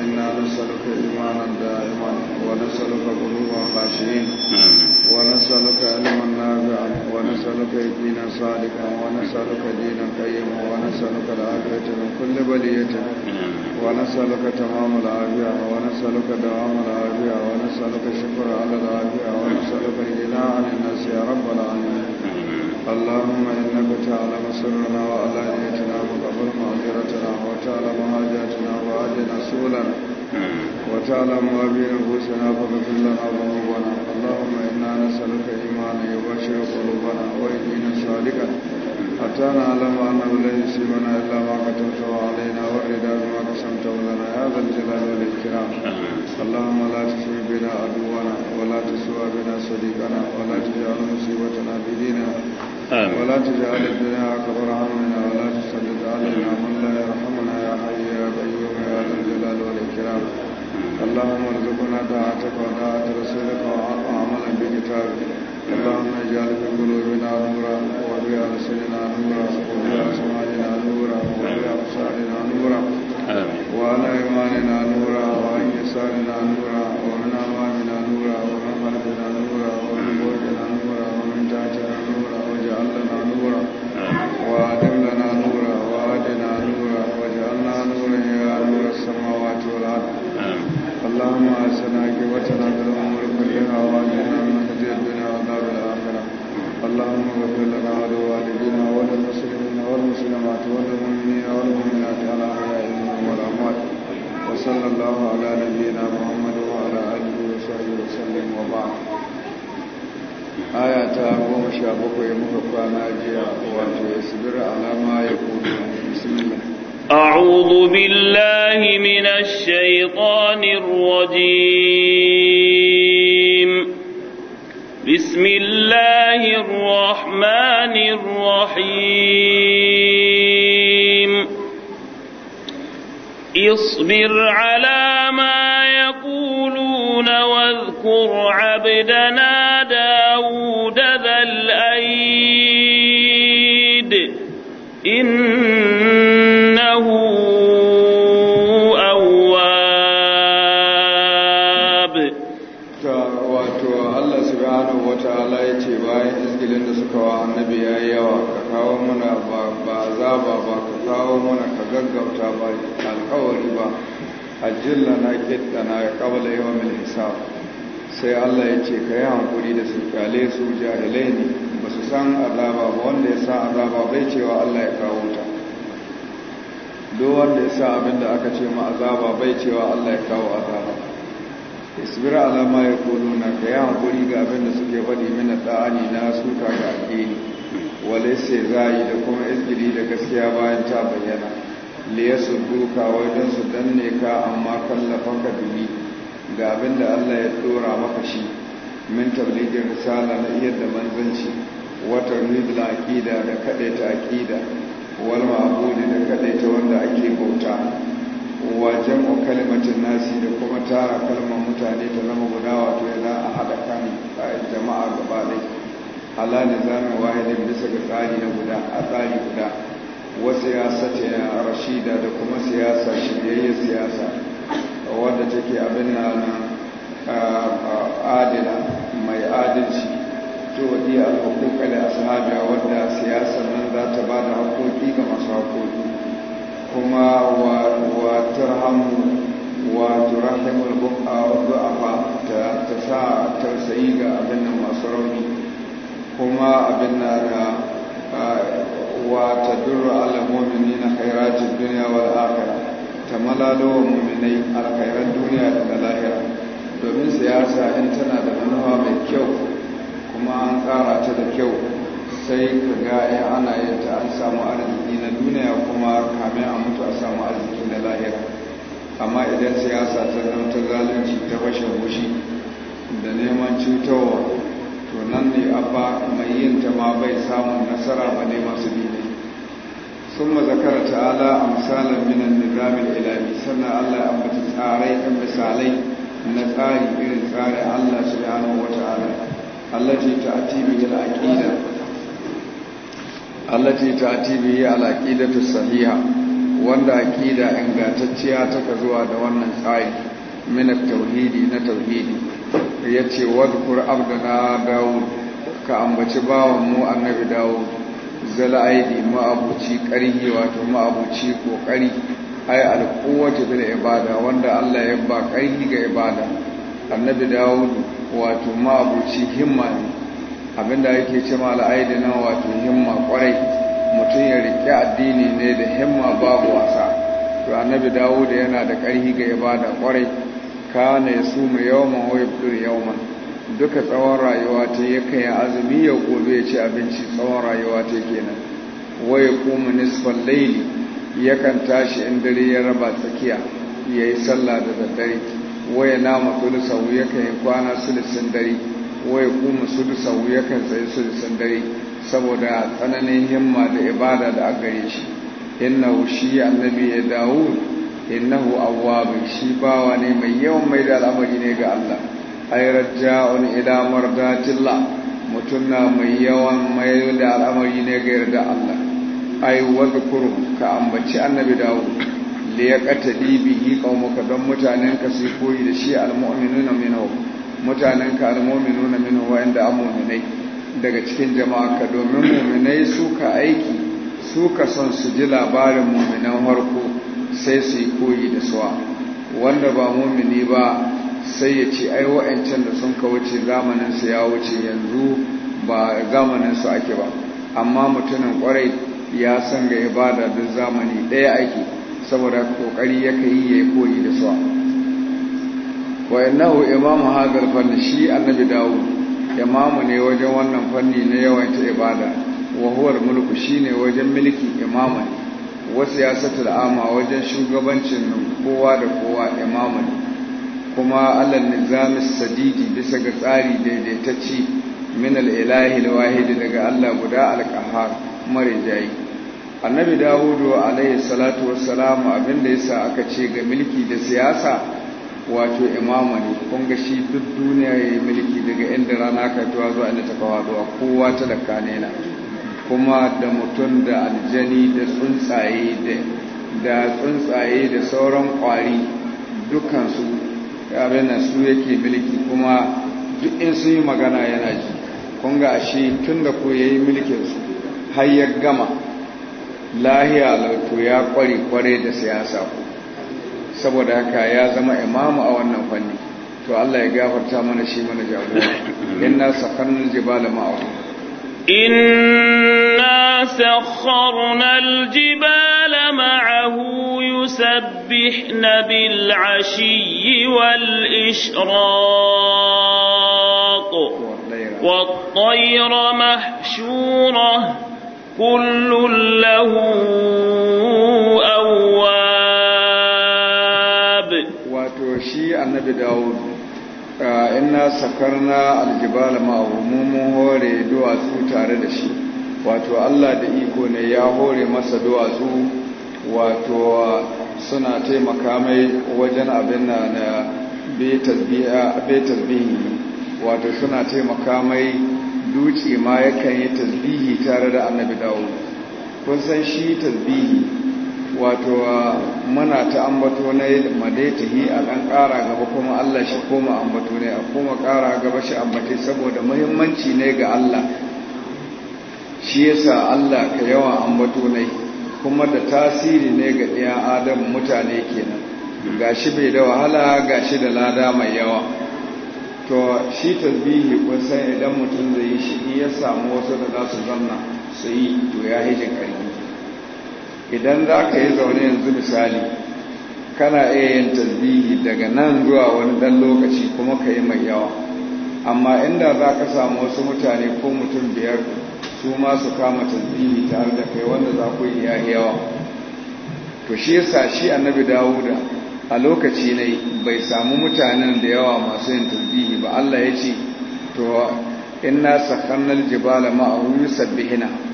إنا نسألك إيمانا دائما ونسألك قلوبا خاشعين ونسألك علما نافعا ونسألك يقينا صادقا ونسألك دينا قيما ونسألك العافية من كل بلية ونسألك تمام العافية ونسألك دوام العافية ونسألك الشكر على العافية ونسألك الغنى عن الناس يا رب العالمين اللهم إنك تعلم سرنا وعلانيتنا وقبل معذرتنا وتعلم حاجاتنا وعدنا سولنا وتعلم أبي نفوسنا فاغفر لنا ذنوبنا اللهم إنا نسألك إيمانا يبشر قلوبنا وإيمانا صادقا حتى نعلم أنه لا يسيبنا إلا ما كتبته علينا وإلا ما قسمته لنا يا ذا الجلال والإكرام اللهم لا تسوي بنا عدونا ولا تسوى بنا صديقنا ولا تجعل مصيبتنا في ديننا ولا ولا تجعل الدنيا تسلط علينا من لا يرحمنا يا يا يا حي قيوم ذا الجلال اللهم اللهم ارزقنا طاعتك وطاعة رسولك وعملا بكتابك اجعل في قلوبنا نورا نورا نورا وفي وفي وفي نورا وعلى لمبا نورا وعن يسارنا نورا ومن نام نورا ومن خلفنا نورا ومن نو نورا ومن تحتنا وأدم لنا نورا وأدنا نورا واجعلنا نورا يا نور السماوات والأرض اللهم أسنا قوتنا بالأمور كلها وأجعلنا من خزي الدنيا وعذاب الآخرة اللهم اغفر لنا ولوالدينا وللمسلمين والمسلمات والمؤمنين والمؤمنات على أحياء منهم والأموات وصلى الله على نبينا محمد وعلى آله وصحبه وسلم وبعد aya ta goma sha bakwai muka kwana jiya wato ya sibira alama ya أعوذ بالله من الشيطان الرجيم بسم الله الرحمن الرحيم اصبر على ما يقولون واذكر عبدنا داود إنه أواب wato Allah subhanahu wa ta'ala ya ce bayan izgilin da suka wa annabi ya yi yawa ka kawo mana ba zaba ba ka kawo mana ka gaggauta ba alkawari ba ajilla na kitta na ya kabala yawan mil sai Allah ya ce ka yi hankuri da su kyale su jahilai ne san azaba ba wanda ya sa azaba bai cewa Allah ya kawo ta duk wanda ya sa abin aka ce ma azaba bai cewa Allah ya kawo azaba isbir alama ya kolo na ka yi haƙuri ga abin da suke faɗi mina tsani na suka ga addini wale sai zayi da kuma izgiri da gaskiya bayan ta bayyana liya su duka wajen su danne ka amma kallafan ka dubi ga abinda Allah ya ɗora maka shi min tabligin risala na iya da manzanci wata nidla aƙida da kaɗaita aƙida wal ma'abudi da kaɗaita wanda ake bauta wa jam'u kalimatin nasi da kuma tara kalmar mutane ta zama guda wato yana a haɗa kan jama'a gaba ɗai ala nizamin wahidin bisa ga tsari na guda a tsari guda wa siyasata ya rashida da kuma siyasa shiryayyar siyasa wanda take abin na adila mai adalci to iya haja wadda siyasar nan za ta ba da haƙoƙi ga masu haƙoƙi kuma wa turhamu wa turahimul du'afa ta ta sa tausayi ga abin nan masu rauni kuma abin na da wa ta duru ala mu'mini na khairatin duniya wa akhirah ta malalo wa mu'minai alkhairan duniya da na lahira domin siyasa in tana da manufa mai kyau kuma an tsara ta da kyau sai ka ga 'ya ana yadda an samu arziki na duniya kuma kamin a mutu a samu arziki na lahira amma idan siyasa ta zama ta zalunci ta bashe bushi da neman cutowa to nan ne abba mai yin ta ma bai samun nasara ba ne masu dine sun ma zakara ala a misalin minan nizamin ilami sannan allah ya ambata tsarai kan misalai na tsari irin tsarin allah su wata ala allah ce ta ati bi da aƙida allati ta'ti bihi al ta sahiha wanda aqida ingantacciya taka zuwa da wannan tsari mina tauhidi na tauhidi yace na abdana daud ka ambaci bawanmu mu annabi dawo. zala aidi ma'abuci karhi wato ma'abuci kokari ai al bil ibada wanda Allah ya ba karhi ga ibada annabi daud wato ma'abuci himma ne abinda yake ce ma al'aidi na wato himma kwarai mutum ya riƙe addini ne da himma babu wasa to annabi dawuda yana da ƙarfi ga ibada kwarai kana ya su mai yawman wa yabdur yawman duka tsawon rayuwa ta yakan yi azumi ya gobe ya ci abinci tsawon rayuwa ta kenan waya kuma nisfan laili yakan tashi in dare ya raba tsakiya ya yi sallah da daddare waya nama tulusawu yakan yi kwana sulisin dare wai kuma sudusa yakan su sudusan dare saboda tsananin himma da ibada da aka yi shi innahu shi annabi ya dawo innahu awwab shi bawa ne mai yawan mai da al'amari ne ga Allah ay raja'un ila mardatillah na mai yawan mai da al'amari ne ga yarda Allah ay kuru, ka ambaci annabi dawo li yaqtadi bihi qaumuka dan mutanen ka sai koyi da shi al-mu'minuna minhum mutanen ka al-mu'minu na minu wa'anda an mu'minai daga cikin jama'a ka domin mu'minai su ka aiki su ka son su ji labarin mu'minan harko sai su yi koyi da suwa wanda ba mu'mini ba sai ya ce ai wa'ancan da sun ka wuce zamanin su ya wuce yanzu ba zamanin su ake ba amma mutumin kwarai ya san ga ibada duk zamani ɗaya ake saboda kokari yake yi ya koyi da suwa wa innahu imamu hadal fanni shi annabi dawo imamu ne wajen wannan fanni na yawaita ibada wa huwa mulku shine wajen mulki imamu wa siyasatul ama wajen shugabancin kowa da kowa imamu kuma alal nizamis sadidi bisa ga tsari daidaitacci min al-ilahi al daga Allah guda al-qahhar marijayi annabi dawudu alaihi salatu wassalamu abinda yasa aka ce ga milki da siyasa wato imama ne kun ga shi duk duniya ya yi mulki daga inda rana ka tuwa zuwa inda ta zuwa, kowa da kane na kuma da mutum da aljani da tsuntsaye da tsuntsaye da sauran kwari dukansu abin nan su yake mulki kuma duk in sun yi magana yana ji kun ga shi tun da ko ya yi mulkinsu har ya gama lahiya lauto ya kware kware da siyasa ko saboda haka ya zama imamu a wannan fanni to Allah ya gafarta mana shi mana jagora inna sakharna al-jibala ma'a inna sakharna al-jibala ma'ahu yusabbihna bil 'ashiyyi wal ishraq والطير mahshura kullu lahu awwa annabi sakar ah, inna sakarna aljibal ma'ahu mun hore duwatsu tare da shi wato Allah da iko ne ya hore masa duwatsu wato suna taimaka mai wajen abin na be tasbihi wato suna taimaka mai duci ma yakan yi tasbihi tare da annabi dawud kun san shi tasbihi wato muna ta ambato na yi a ɗan ƙara gaba kuma Allah shi koma ambato ne a koma ƙara gaba shi ambate saboda muhimmanci ne ga Allah shi yasa Allah ka yawan ambato ne kuma da tasiri ne ga ɗaya adam mutane kenan ga shi bai da wahala ga shi da lada mai yawa to shi tasbihi kun san idan mutum zai yi shi ya samu wasu da za su zanna su yi to ya hijin ƙarfi idan za ka yi zaune yanzu misali kana iya yin tasbihi daga nan zuwa wani dan lokaci kuma ka yi mai yawa amma inda za ka samu wasu mutane ko mutum biyar su ma su kama tasbihi tare da kai wanda za ku iya yawa to shi yasa shi annabi dawuda a lokaci ne bai samu mutanen da yawa masu yin tasbihi ba Allah ya ce to inna sakhanna al-jibala ma'ahu yusabbihina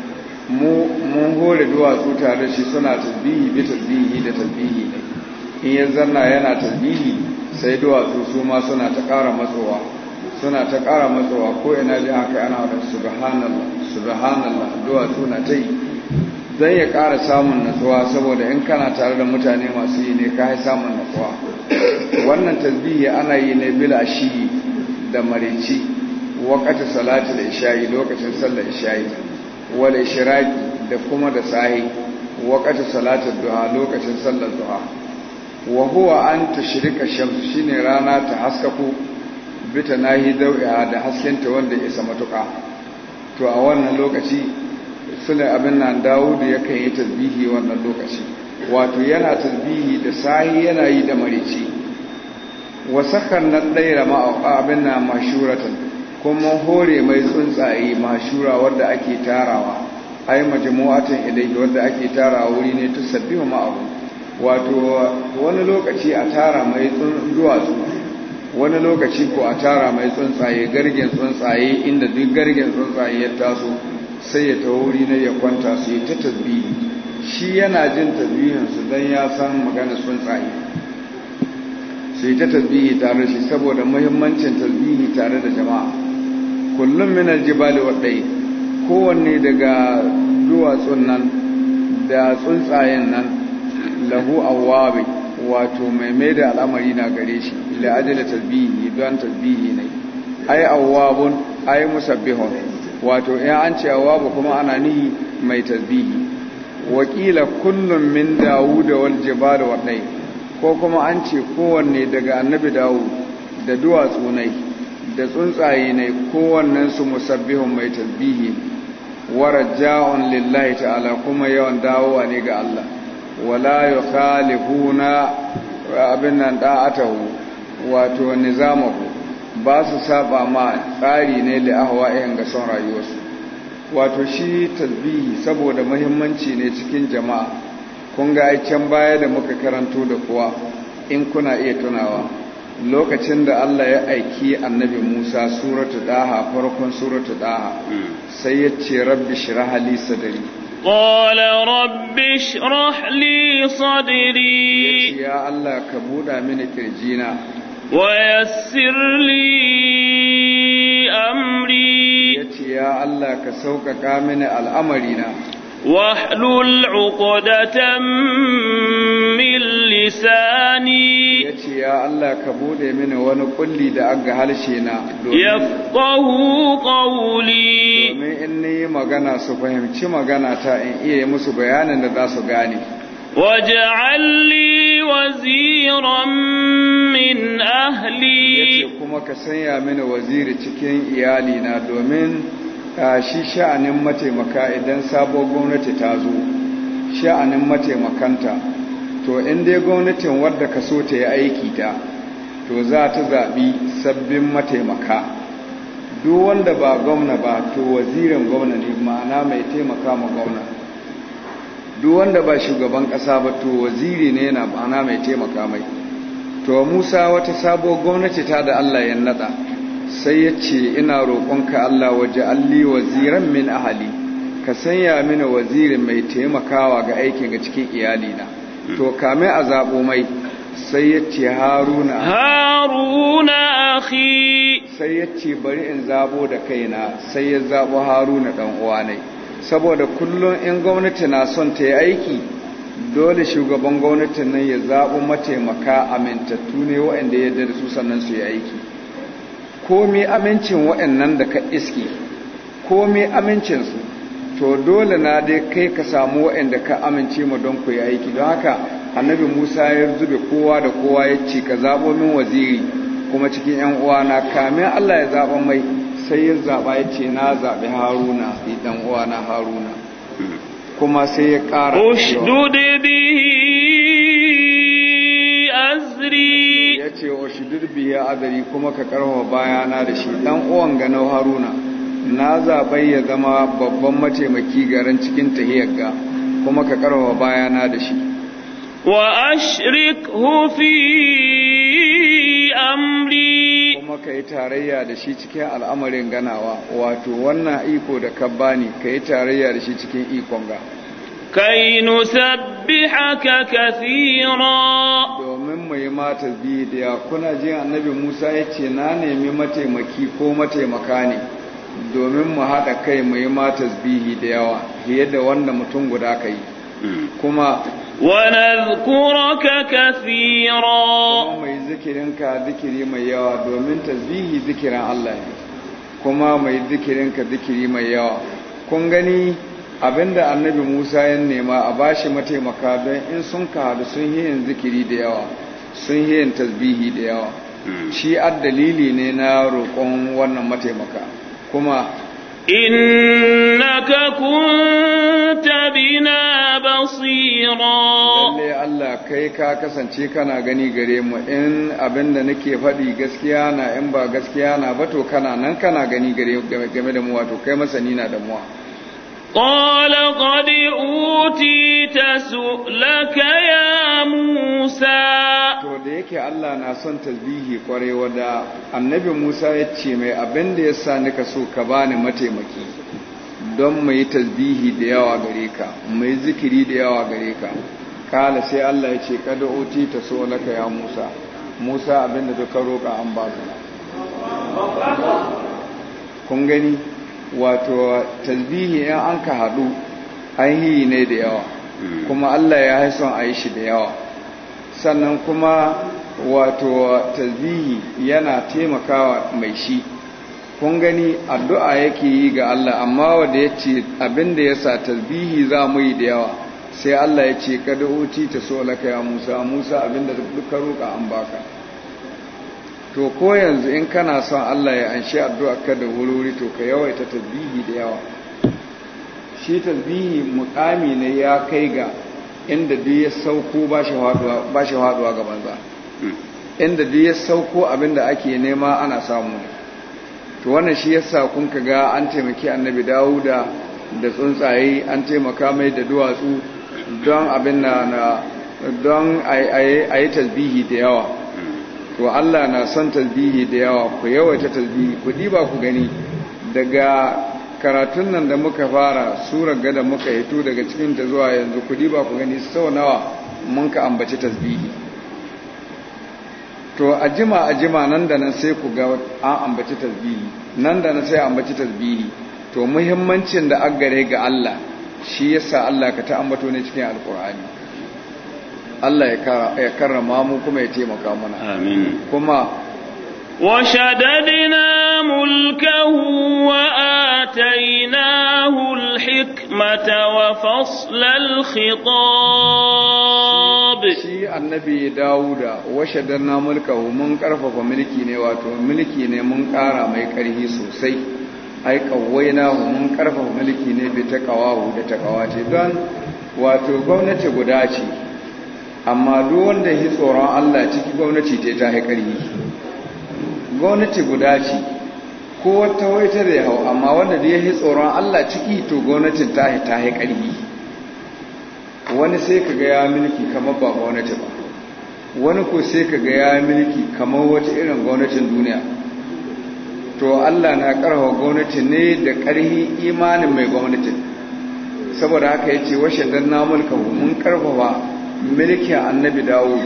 mun hore duwatsu tare shi suna tasbihi bi tasbihi da tasbihi ne in ya zanna yana tasbihi sai duwatsu su ma suna ta ƙara matsowa suna ta ƙara matsowa ko ina ji haka ana wadda subhanallah subhanallah duwatsu na ta yi zai ya ƙara samun natsuwa saboda in kana tare da mutane masu yi ne ka yi samun natsuwa wannan tasbihi ana yi ne bila shi da marici wakati salati da isha'i lokacin sallar isha'i wal shiraki da kuma da sahi wakata salata duha lokacin sallar duha wa huwa an ta shirika shamsu shine rana ta haskaku bita nahi dau'a da haskenta wanda ya isa matuka to a wannan lokaci ne abin nan ya yakan yi tasbihi wannan lokaci wato yana tasbihi da sahi yana yi da marici wa na ɗaira ma'auka abin na mashuratan kuma hore mai tsuntsaye mashura wadda ake tarawa ai majmu'atan ilayhi wadda ake tarawa wuri ne ta sabbihu ma'ahu wato wani lokaci a tara mai duwatsu wani lokaci ko a tara mai tsuntsaye gargen tsuntsaye inda duk gargen tsuntsaye ya taso sai ya ta wuri ne ya kwanta su yi ta tasbihi shi yana jin tasbihinsu don ya san magana tsuntsaye sai ta tasbihi tare shi saboda muhimmancin tasbihi tare da jama'a kullum minar jibali waɗai kowanne daga duwatsun nan da tsuntsayen nan lahu awwabi wato mai mai da al'amari na gare shi ila ajala tasbihi don tasbihi ne ai awwabun ai musabbihun wato 'yan an ce awwabu kuma ana nihi mai tasbihi wakila kullum min da wal jibali waɗai ko kuma an ce kowanne daga annabi Dawu da duwatsu nai da tsuntsaye ne kowannensu musabbihun mai tasbihi warajja'un lillahi ta'ala kuma yawan dawowa ne ga Allah wala yukhalifuna abin nan da'atahu wato nizamahu ba su saba ma tsari ne li ahwa'ihim ga son rayuwarsu wato shi tasbihi saboda muhimmanci ne cikin jama'a kun ga ai baya da muka karanto da kuwa in kuna iya tunawa lokacin da Allah ya aiki annabi Musa suratu daha farkon suratu daha sai ya ce rabbi shirah li sadri qala rabbi shrah li sadri ya Allah ka buda mini kirjina wa yassir li amri ya Allah ka sauƙaƙa mini al'amarina واحلل عقدة من لساني يتي يا الله كبود من وانا قلي دا أغا هالشينا يفقه قولي ومن إني مغانا سفهم چي مغانا تا إن إيه مسو بيانا نداسو غاني واجعل لي وزيرا من أهلي يتي كما كسنيا من وزير چكين إيالينا دومين shi sha'anin mataimaka idan sabon gwamnati ta zo sha'anin mataimakanta to in dai gwamnatin wadda ka so ta yi aiki ta to za ta zaɓi sabbin mataimaka duk wanda ba gwamna ba to wazirin gwamna ne ma'ana mai taimaka ma gwamna duk wanda ba shugaban ƙasa ba to waziri ne yana ma'ana mai taimaka mai to musa wata sabuwar gwamnati ta da allah ya nada sai ya ce ina roƙonka Allah waje alli waziran min ahali ka sanya mini wazirin mai taimakawa ga aikin ga cikin iyalina to kame a zaɓo mai sai ya ce haruna haruna ahi sai ya ce bari in zaɓo da kaina sai ya zaɓo haruna ɗan uwanai saboda kullum in gwamnati na son ta yi aiki dole shugaban gwamnati nan ya zaɓo mataimaka amintattu ne waɗanda ya da su sannan su yi aiki komi amincin waɗannan da ka iske komi amincinsu to dole na dai kai ka samu waɗanda ka amince ma don ku yi aiki don haka annabi musa ya zube kowa da kowa ya ce ka zaɓo min waziri kuma cikin yan uwana kamin allah ya zaɓa mai sai ya zaɓa ya ce na zaɓi haruna ɗan uwana haruna kuma sai ya ƙara ushdud ya ce wa shudurbi ya adari kuma ka karfa bayana da shi dan uwan ganau haruna na zabai ya zama babban mataimaki garin cikin tahiyar ga kuma ka karfa bayana da shi wa ashrikhu hufi amri kuma ka yi tarayya da shi cikin al'amarin ganawa wato wannan iko da ka ka yi tarayya da shi cikin ikon ga kai nusabbihaka kathira domin mu yi mata biyu da ya kuna jin annabi musa ya ce na nemi mataimaki ko mataimaka ne domin mu haɗa kai mu yi mata biyu da yawa fiye da wanda mutum guda ka yi kuma ونذكرك كثيرا mai zikirinka zikiri mai yawa domin tasbihi zikirin Allah ne kuma mai zikirinka zikiri mai yawa kun gani abinda annabi musa ya nema a bashi mataimaka don in sun ka hadu sun yi yin zikiri da yawa sun yi yin tasbihi da yawa hmm. shi addalili ne na roƙon wannan mataimaka kuma innaka kunta bina basira lalle Allah kai ka kasance kana gani gare mu in abinda nake faɗi gaskiya na in ba gaskiya na ba to kana nan kana gani gare game da mu wato kai masani na damuwa. قال قد أوتيت سؤلك يا موسى to da yake Allah na son tasbihi kware wada annabi Musa ya ce mai abin da sa nika so ka bani mataimaki don mai tasbihi da yawa gare ka mai zikiri da yawa gare ka kala sai Allah ya ce kada oti ta so laka ya Musa Musa abin da duka roƙa an ba kun gani wato tasbihi in an ka haɗu an yi ne da yawa hmm. kuma Allah ya haison a yi shi da yawa sannan kuma wato tasbihi yana taimakawa mai shi kun gani addu'a yake yi ga Allah amma wanda ya ce abin da ya sa tasbihi za mu yi da yawa sai Allah ya ce kada uti ta so laka ya Musa Musa abin abinda duka roƙa an baka to ko yanzu in kana son Allah ya anshi ka da wuri to ka yawaita tasbihi da yawa shi tasbihi mukami ne ya kai ga inda duk ya sauko ba shi haduwa ga banza inda duk ya sauko abinda ake nema ana samu to wannan shi yasa kun ka ga an taimaki annabi dawuda da tsuntsaye an taimaka mai da duwatsu don abin na don a yi tasbihi da yawa to Allah na son tasbihi da yawa ku yawaita tasbihi ku diba ku gani daga karatun nan da muka fara surar gada muka hito daga cikin ta zuwa yanzu ku diba ku gani sau nawa mun ka ambaci tasbihi to a jima a jima nan da nan sai ku ga an ambaci tasbihi nan da nan sai ambaci tasbihi to muhimmancin da aggare ga Allah shi yasa Allah ka ta ambato ne cikin alkur'ani Allah ya karrama mu kuma ya taimaka mana amin kuma وشددنا ملكه وآتيناه الحكمة وفصل الخطاب شي النبي داود وشددنا ملكه من كرفف ملكي ne wato mulki ne mun ƙara mai ƙarfi sosai ai kawwaina mun karfafa mulki ne bi takawahu da don wato gwamnati guda ce amma duk wanda ya tsoron Allah ciki gwamnati ta ta haikari gwamnati guda ce ko wata waita da ya hau amma wanda da ya yi tsoron Allah ciki to gwamnatin ta ta haikari wani sai ka ga ya mulki kamar ba gwamnati ba wani ko sai ka ga ya mulki kamar wata irin gwamnatin duniya to Allah na karawa gwamnati ne da ƙarhi imanin mai gwamnatin saboda haka ya ce washe ganna mulka mun karfafa milkin annabi dawo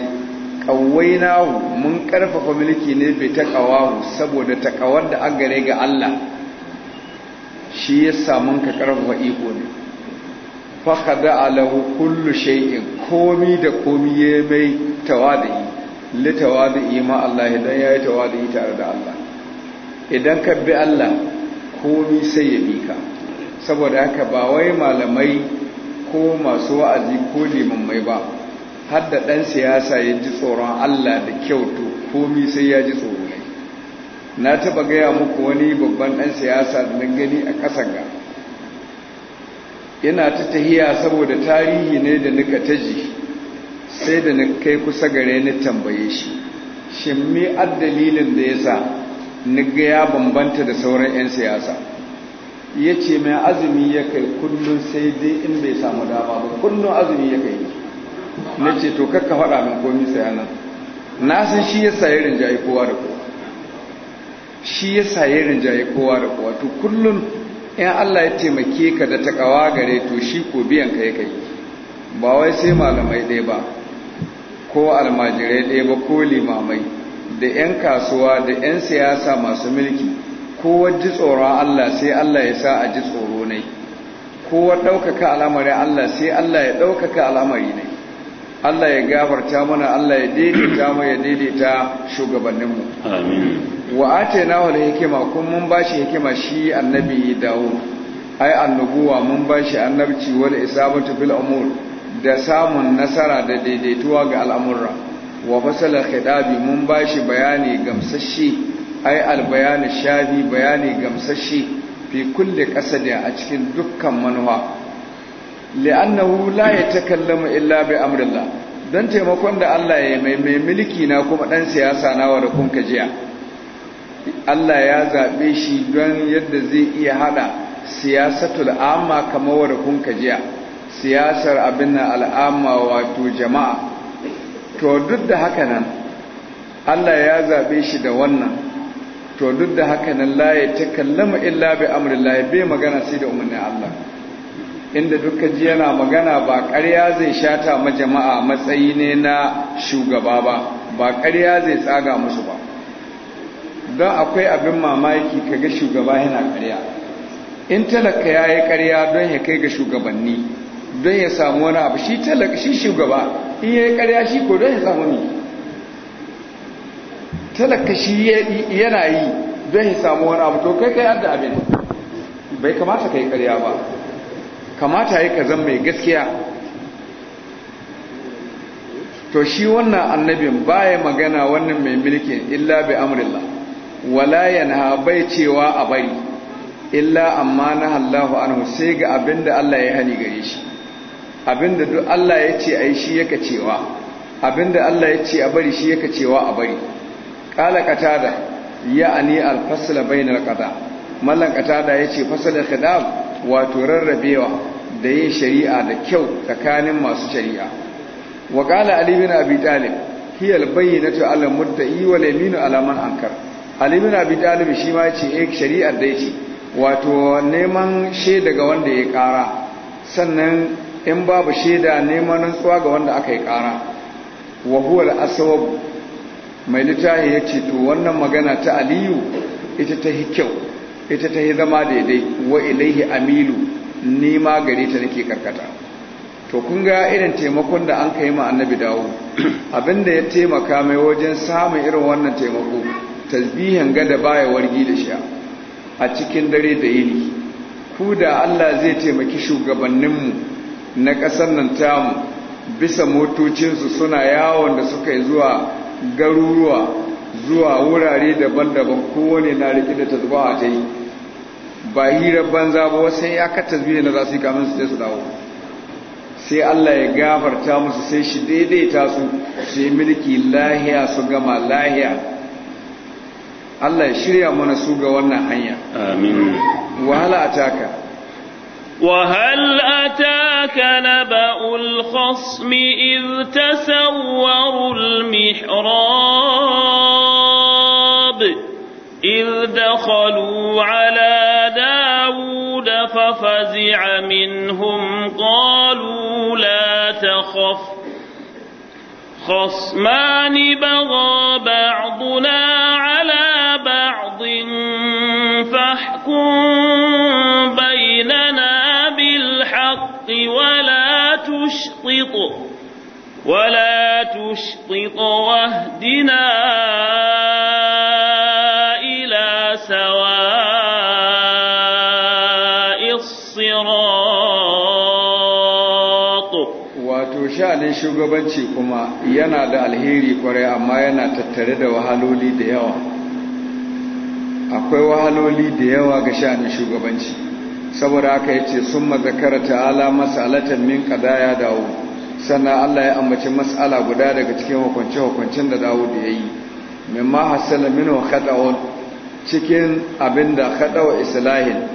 nahu, mun ƙarfafa milki ne bai taƙawahu saboda ta kawar da an gare ga Allah shi ya samun ka ƙarfafa iko ne faka da alahu kullu shay'in komi da komi ya mai tawadi li tawadi ma Allah idan ya yi tawadi tare da Allah idan ka bi Allah komi sai ya bi ka saboda haka ba wai malamai ko masu wa'azi ko limammai ba Hadda da ɗan siyasa ya ji tsoron Allah da kyautu, to komi sai ya ji tsoro ne na taɓa gaya muku wani babban ɗan siyasa da na gani a ƙasar ga yana ta tahiya saboda tarihi ne da nika ta ji sai da na kai kusa gare ni tambaye shi shin me dalilin da ya sa niga ya bambanta da sauran 'yan siyasa ya ce mai azumi ya kai kullum sai dai in bai samu dama ba kullum azumi ya kai na ce to kakka faɗa min komi saya nan na san shi ya sayi rinjaye kowa da kowa shi ya sayi rinjaye kowa da kowa to kullum in Allah ya taimake ka da takawa gare to shi ko biyan ka ya kai ba wai sai malamai ɗaya ba ko almajirai ɗaya ba ko limamai da 'yan kasuwa da 'yan siyasa masu mulki kowa ji tsoron Allah sai Allah ya sa a ji tsoro ne kowa ɗaukaka al'amari Allah sai Allah ya ɗaukaka al'amari ne Allah ya gafarta mana Allah ya daidaita mu ya daidaita shugabanninmu wa atayna wal hikima kun mun bashi hikima shi annabi dawo ai annubuwa mun bashi annabci wal isabatu bil umur da samun nasara da daidaituwa ga al'amura. wa fasala khidabi mun bashi bayani gamsashi ai al bayani shafi bayani gamsashi fi kulli qasadi a cikin dukkan manufa li'annahu la yatakallamu illa bi amrillah dan taimakon da Allah ya mai mai mulki na kuma dan siyasa na wa da kun jiya? Allah ya zabe shi don yadda zai iya hada siyasatul amma kamar wa da kun jiya, siyasar abin al'amma wato jama'a to duk da haka nan Allah ya zabe shi da wannan to duk da haka nan la ya takallama illa bi amrillah bai magana sai da umarnin Allah inda duka ji yana magana ba ƙarya zai shata ma jama'a matsayi ne na shugaba ba ba ƙarya zai tsaga musu ba don akwai abin mamaki kaga shugaba yana ƙarya in talaka ya yi ƙarya don ya kai ga shugabanni don ya samu wani abu shi talaka shi shugaba in ya yi ƙarya shi ko don ya samu ne talaka shi yana yi don ya samu wani abu to kai kai adda abin bai kamata yi ƙarya ba kamata ya ka zan mai gaskiya to shi wannan annabin baya magana wannan mai mulkin illa bi amrillah wala yanha bai cewa a bari illa amma na Allahu anhu sai ga abinda Allah ya hani gare shi abinda duk Allah ya ce ai shi yake cewa abinda Allah ya ce a bari shi yake cewa a bari qala qatada ya'ani al-fasl bainal qada mallan qatada yace fasal khidab wato rarrabewa da yin shari'a da kyau tsakanin masu shari'a wa qala ali bin abi talib hiya al bayyinatu ala muttaqi wal yaminu ala man ankar ali abi talib shi ma yace eh shari'ar da ce. wato neman shaida ga wanda ya kara sannan in babu shaida neman rantsuwa ga wanda aka yi kara wa huwa al aswab mai litahi yace to wannan magana ta aliyu ita ta hikyau ita ta yi zama daidai wa ilaihi amilu ni ma gare ta nake karkata to kun ga irin taimakon da an kai ma annabi dawo abinda ya taimaka mai wajen samun irin wannan taimako tasbihin gada baya wargi da sha a cikin dare da yini ku da Allah zai taimaki shugabanninmu na ƙasar nan tamu bisa motocinsu suna yawon da suka yi zuwa garuruwa zuwa wurare daban-daban kowane na rikin da a ta yi ba hirar banza ba wasu ya ka tasbihin da za su yi kamun su sai su dawo sai Allah ya gafarta musu sai shi daidai su su yi mulki lahiya su gama lahiya Allah ya shirya mana su ga wannan hanya amin wahala ataka وهل أتاك نبأ الخصم إذ تسوروا المحراب إذ دخلوا على ففزع منهم قالوا لا تخف خصمان بغى بعضنا على بعض فاحكم بيننا بالحق ولا تشطط ولا تشطط واهدنا sha'anin shugabanci kuma yana da alheri kwarai amma yana tattare da wahaloli da yawa akwai wahaloli da yawa ga sha'anin shugabanci saboda aka yace sun ta ta'ala mas'alatan min qadaya dawo sannan Allah ya ambaci mas'ala guda daga cikin hukunce hukuncin da dawo da yayi ma hasala wa khata'un cikin abinda khata'u islahin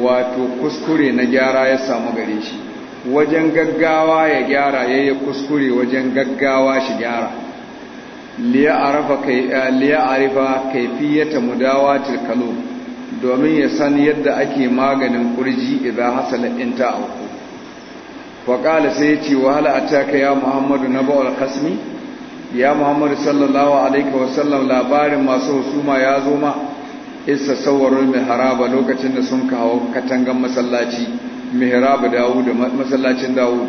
wato kuskure na gyara ya samu gare shi wajen gaggawa ya gyara ya yi kuskure wajen gaggawa shi gyara liya eh, arifa kaifiyata mudawa tilkalo domin ya san yadda ake maganin kurji idan hasala in ta auku faƙala sai ya ce wahala a taka ya muhammadu na ba'ul kasmi ya muhammadu sallallahu wasallam labarin masu husuma ya zo ma isa sauwarar mai haraba lokacin da sun kawo katangan masallaci mihrab da masallacin dawo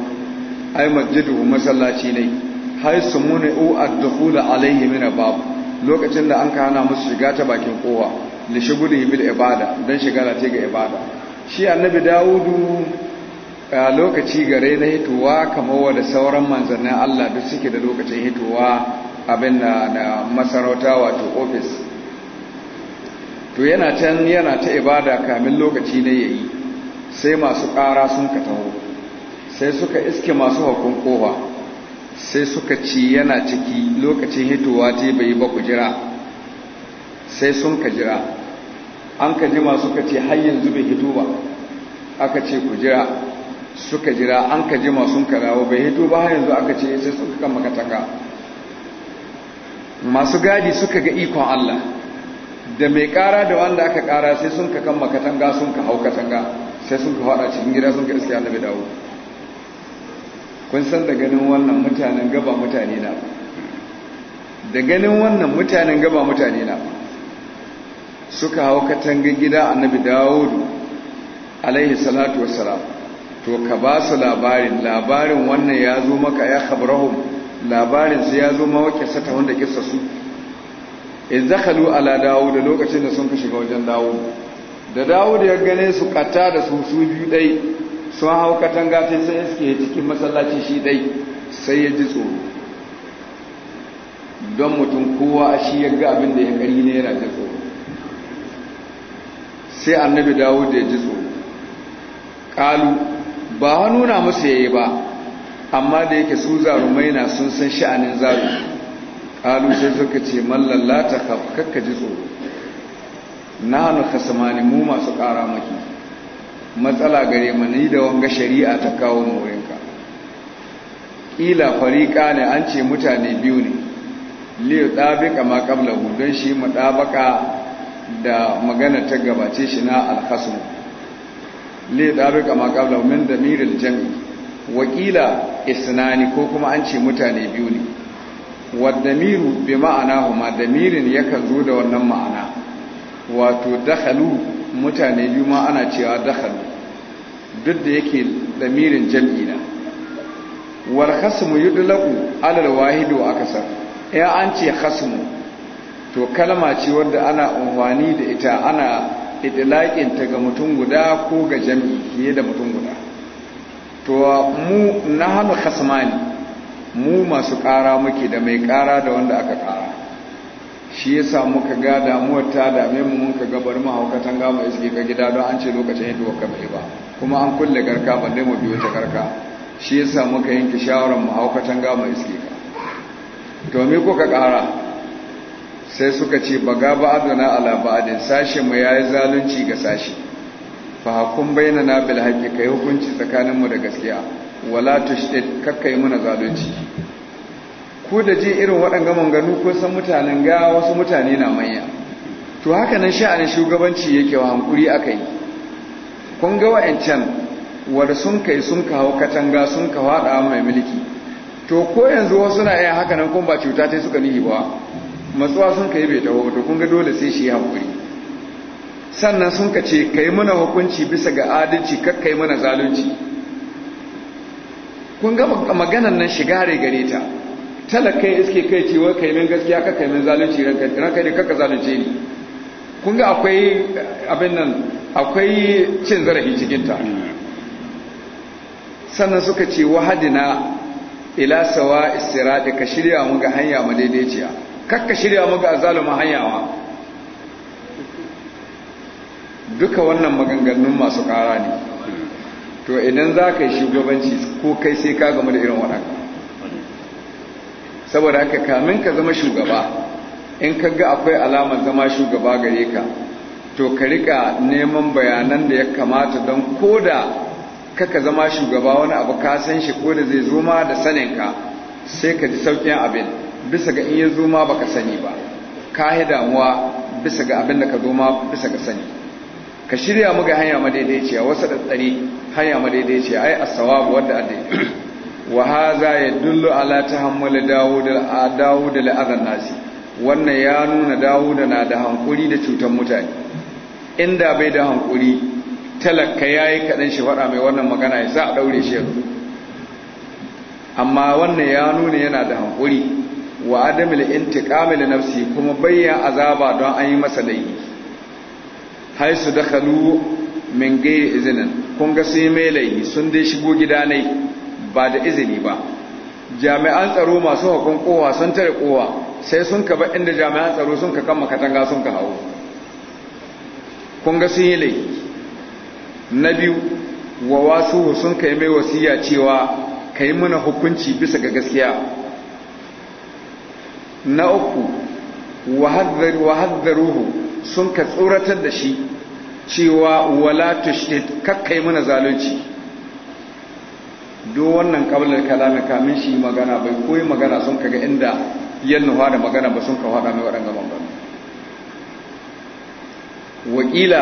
ai masjidu masallaci ne hay sumuna u ad alayhi min bab lokacin da an ka hana musu shiga ta bakin kowa li shiguli bil ibada dan shiga ta ga ibada shi annabi dawudu a lokaci gare na hitowa kamar wadda sauran manzannin Allah duk suke da lokacin hitowa abin da masarauta wato ofis to yana can yana ta ibada kamin lokaci na yayi sai masu ƙara sun ka taho sai suka iske masu hakun ƙofa sai suka ci yana ciki lokacin hitowa ce bai ba ku jira sai sun ka jira an ka jima suka ce har yanzu bai hito ba aka ce ku jira suka jira an ka jima sun ka bai hito ba har yanzu aka ce sai suka kama katanga masu gadi suka ga ikon Allah da mai kara da wanda aka kara sai sun ka kama katanga sun ka hau katanga sai sun ka fara cikin gida sun ka iske annabi dawo kun san da ganin wannan mutanen gaba mutane na da ganin wannan mutanen gaba mutane na suka hau katanga gida annabi dawo alaihi salatu wassalam to ka ba su labarin labarin wannan ya zo maka ya khabrahum labarin su ya zo mawake sata wanda kissa su in zakalu ala da lokacin da sun ka shiga wajen dawo. da Dawud ya gane su katta da su su biyu dai sun hau katanga ta sai suke cikin masallaci shi dai sai ya ji tsoro don mutum kowa a shi ya ga abin da ya kari ne yana ji tsoro sai annabi Dawud ya ji tsoro ƙalu ba wa nuna musu yayi ba amma da yake su zarumai na sun san sha'anin zaru ƙalu sai suka ce mallalla ta kakka ji tsoro na hannu samani mu masu ƙara maki matsala gare mani da wanga shari'a ta kawo nurinka ƙila fariƙa ne an ce mutane biyu ne liyu ɗabiƙa ma ƙabla don shi ɗabaka da magana ta gabace shi na alhassan liyu ɗabiƙa ma ƙabla min da mirin jami'i waƙila isnani ko kuma an ce mutane biyu ne wadda miru bi ma'ana huma da mirin yakan zo da wannan ma'ana wato dakhalu mutane biyu ma ana cewa dakhalu duk da yake damirin jam'i na war khasmu yudlaqu ala al wa akasar ya an ce khasmu to kalma ce wanda ana unwani da ita ana idlaqin ta ga mutum guda ko ga jam'i fiye da mutum guda to mu nahnu khasmani mu masu ƙara muke da mai ƙara da wanda aka ƙara shi ya yasa muka ga damuwar ta dame mu mun ka gabar mu haukatan gama iske ka gida don an ce lokacin yadda wakka bai ba kuma an kulle garka balle mu biyo ta garka shi ya yasa muka yanke shawarar mu haukatan gama iske ka to me kuka kara sai suka ce ba ba'aduna ala ba'adin sashe mu yayi zalunci ga sashi fa hakum na bil haqqi kai hukunci tsakanin mu da gaskiya wala tushdid kakkai muna zalunci ko da ji irin waɗanga manganu ko san mutanen ga wasu mutane na manya to haka nan sha'anin shugabanci yake wa hankuri aka yi kun ga wa'ancan wanda sun kai sun kawo katanga sun ka haɗa mai mulki to ko yanzu wasu na iya haka nan kun ba cuta ta suka nihi ba matsuwa sun kai bai tawo to kun ga dole sai shi hankuri sannan sun ka ce kai mana hukunci bisa ga adalci kar kai mana zalunci kun ga maganan nan shiga gare ta talakai iske kai cewa kai min gaskiya ka kai min zalunci ranka ranka ne kaka zalunci ni kun ga akwai abin nan akwai cin zarafi cikin ta sannan suka ce hadina ila sawa istirati ka shirya mu ga hanya mu daidaiciya kakka shirya mu ga azaluma hanya wa duka wannan maganganun masu kara ne to idan za ka yi shugabanci ko kai sai ka gama da irin waɗanda saboda haka kamin ka zama shugaba in ka ga akwai alamar zama shugaba gare ka to ka rika neman bayanan da ya kamata don koda kaka zama shugaba wani abu ka san shi ko da zai zo ma da ka sai ka ji saukin abin bisa ga in ya zo ma baka sani ba ka yi damuwa bisa ga abin da ka zo ma bisa ga sani ka shirya mu ga hanya madaidaiciya wasu da tsari hanya madaidaiciya ai as-sawabu wadda adai wa haza dullo ala tahammul dawud dawud al nasi wannan ya nuna Dawuda na da hankuri da cutar mutane inda bai da hankuri talaka yi kadan shi fada mai wannan magana ya sa a daure shi amma wannan ya nuna yana da hankuri wa adamul intiqam li nafsi kuma bayya azaba don an yi masa laifi haisu dakhalu min gairi izinin kun ga sai mai laifi sun dai shigo gida ne ba da izini ba jami'an tsaro masu hakun kowa sun tare kowa sai sun ka ba inda jami'an tsaro sun ka kama katanga sun ka hau kun ga sun yi laifi na biyu wa wasu sun ka yi mai wasiya cewa ka yi mana hukunci bisa ga gaskiya na uku wahaddaruhu sun ka tsoratar da shi cewa wala kakka kakkai mana zalunci duk wannan kabilar kalamin kamin shi magana bai koyi magana sun kaga inda yan nufa da magana ba sun kawo mai waɗanda mambana wakila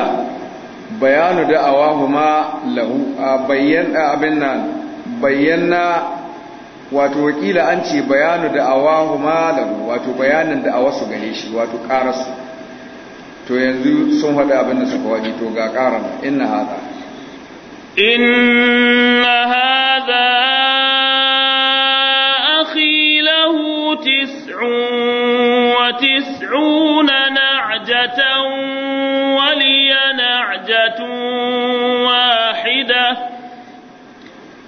bayanu da ma lahu a bayyana abin nan bayyana wato wakila an ce bayanu da ma lahu wato bayanin da awasu gane shi wato karasu to yanzu sun haɗa abin da suka waje to ga karan inna hada إن هذا أخي له تسع وتسعون نعجة ولي نعجة واحدة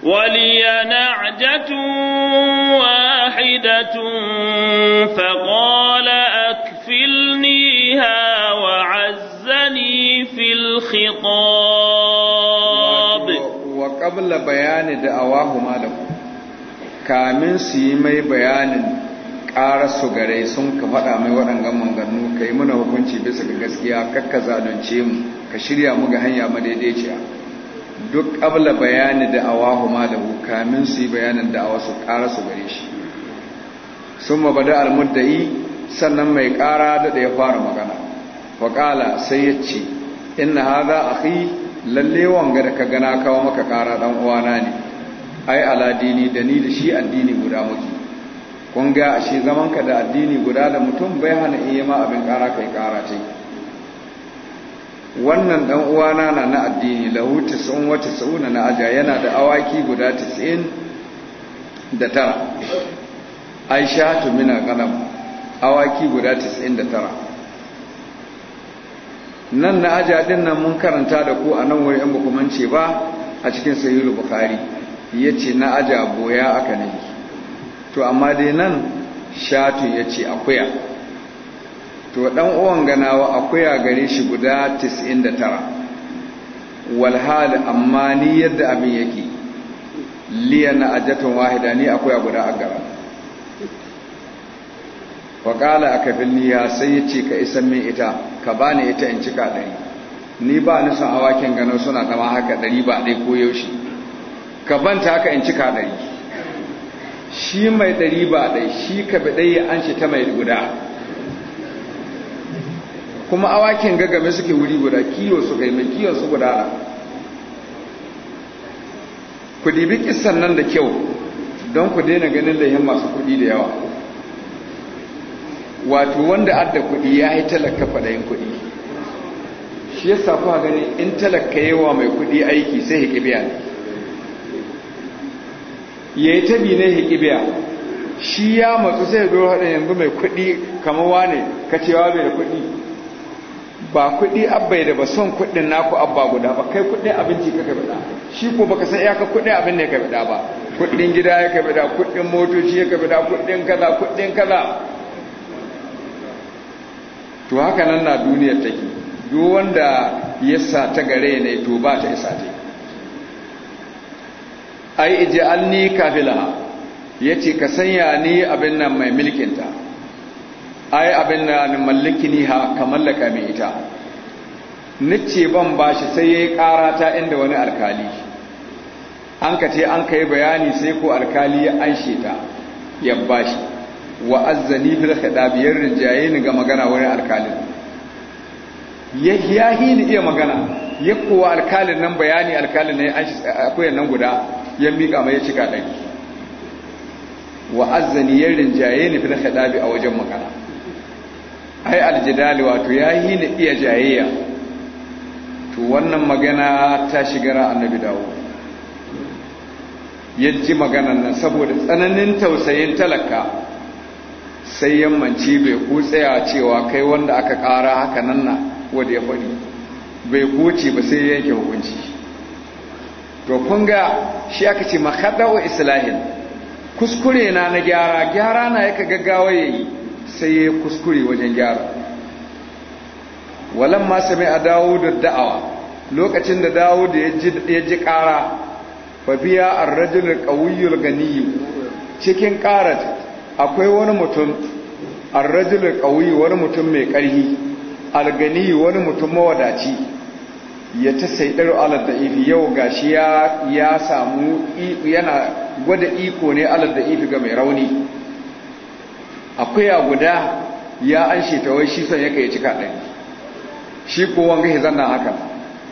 ولي نعجة واحدة فقال أكفلنيها وعزني في الخطاب Ƙabla bayani da awahuma da kamin su yi mai bayanin ƙara su gare sun ka faɗa mai waɗangan manganu ka yi muna hukunci bisa ga gaskiya kakka zalunce mu ka shirya mu ga hanya madaidaiciya duk ƙabla bayani da awahuma da kamin su yi bayanin da awa su ƙara su gare shi sun mabada almuddai sannan mai ƙara da ya fara magana faƙala sai ya ce inna a akhi lalle wanga da ka gana kawo maka kara dan uwana ne ai aladini da ni da shi addini guda muke kun ga ashe zaman ka da addini guda da mutum bai hana iya ma abin kara kai kara ce wannan dan uwana na na addini lahu tis'un wa tis'una na aja yana da awaki guda 90 da tara aisha tumina kana awaki guda 99 nan na'aja aja din nan mun karanta da ku a nan wuri 'yan baku ba a cikin sahihul bukhari yace na aja boya aka ne to amma dai nan shatu yace akuya to dan uwan ganawa akuya gare shi guda 99 wal hal amma ni yadda abin yake liya na ajatan wahida ni akuya guda a gara faƙala kafin filniya sai ya ce ka isan min ita ka ba ni ita in cika ɗari ni ba ni son awakin gano suna zama haka ɗari ba ɗai ko yaushe ka banta haka in cika ɗari shi mai ɗari ba ɗai shi ka bi ɗai an ce ta mai guda kuma awakin gagame suke wuri guda kiyo su kai mai kiyo su guda ku dibi kisan nan da kyau don ku daina ganin yin masu kuɗi da yawa wato wanda adda kuɗi ya yi talaka fadayin kuɗi shi ya safu a gani in talaka yawa mai kuɗi aiki sai hiƙi biya ya yi tabi ne hiƙi biya shi ya matsu sai ya doro haɗa yanzu mai kuɗi kama wane ka mai bai kuɗi ba kuɗi abbai da ba son kuɗin naku abba guda ba kai kuɗin abinci ka kaɓi shi ko baka san iyaka kuɗin abin ne ka kaɓi ba kuɗin gida ya kaɓi kuɗin motoci ya kaɓi kuɗin kaza kuɗin kaza to haka nan na duniyar take duk wanda ya sa ta gare ne to ba ta isa ta ai kafila ya yace ka sanya ni abin nan mai milkinta ta ai abin nan ni ha ka mallaka mai ita nace ban bashi sai yayi ta inda wani alkali an ka ce an kai bayani sai ko alkali ya anshe ta ya bashi wa azzani fil khidab rijaye ni ga magana wurin alkalin ya hi ni iya magana ya kuwa alkalin nan bayani alkalin ne akwai nan guda ya mika mai ya cika dai wa azzani yar rijaye ni fil khidab a wajen magana ai aljidali wato ya hi ni iya jayayya to wannan magana ta shiga ran annabi dawo ya ji maganan nan saboda tsananin tausayin talaka sai yammanci bai ku tsaya cewa kai wanda aka kara haka nan na wadda ya faɗi bai kuce ba sai yanke hukunci to kun ga shi aka ce makaɗawa islahin kuskure na na gyara gyara na yaka gaggawa ya yi sai ya kuskure wajen gyara walan ma sami a dawo da da'awa lokacin da dawo da ya ji kara babiya biya arrajul ƙawuyyar ganiyu cikin ƙarar akwai wani mutum arrajulul ƙauyi wani mutum mai ƙarfi algani wani mutum mawadaci ya ta alar da ifi yau ga shi ya samu yana gwada iko ne da ifi ga mai rauni akwai a guda ya an shi ta wai shi son yake ya cika ɗan shi ko wanga zan zanna haka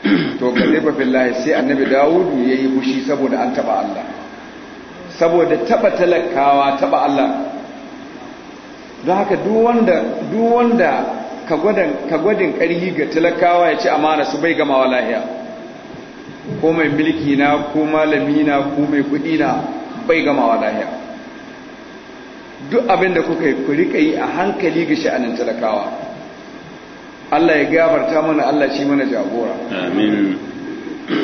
to kalle fa lahi sai annabi dawudu ya yi bushi saboda an taba Allah saboda taba talakawa taba Allah don haka duk wanda ka gwadin ƙarhi ga talakawa ya ci amana su bai gama walahiya ko mai milki na ko malami na ko mai kuɗi na bai gama walahiya duk abinda da kuka yi ku rika yi a hankali ga sha'anin talakawa Allah ya gabarta mana Allah shi mana jagora amin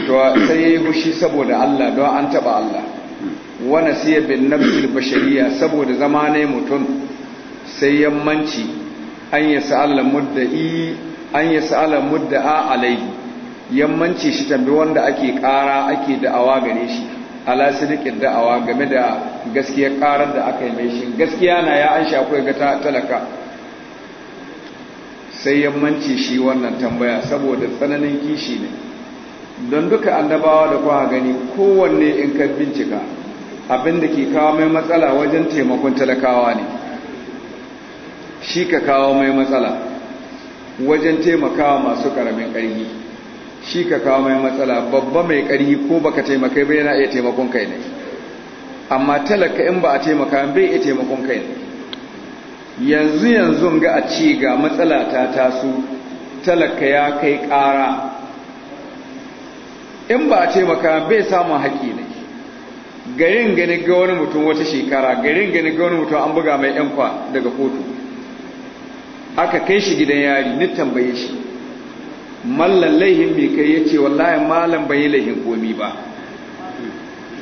to sai yayi bushi saboda Allah don an taba Allah wa nasiya bin nafsil bashariya saboda zamanai mutum sai yammanci an ya sa'ala mudda'i an ya muddai mudda'a laihi yammanci shi tambi wanda ake ƙara ake da'awa gare shi alasirikin da'awa game da gaskiya ƙarar da aka yi mai shi gaskiya na ya an shafi ga talaka sai yammanci shi wannan tambaya saboda tsananin kishi ne don duka annabawa da kuka gani kowanne in kar bincika abin da ke kawo mai matsala wajen taimakon talakawa ne shi ka kawo mai matsala wajen taimakawa masu karamin ƙarfi shi ka kawo mai matsala babba mai ƙarfi ko baka taimaka bai yana iya taimakon kai ne amma talaka in ba a taimaka bai iya taimakon kai ne yanzu yanzu ga a ce ga matsala ta taso talaka ya kai ƙara in ba a taimaka bai samun haƙi ne garin gani ga wani mutum wata shekara garin gani ga wani mutum an buga mai yanfa daga kotu aka kai shi gidan yari ni tambaye shi mallan laihin mai kai yace wallahi malam bai laihin komi ba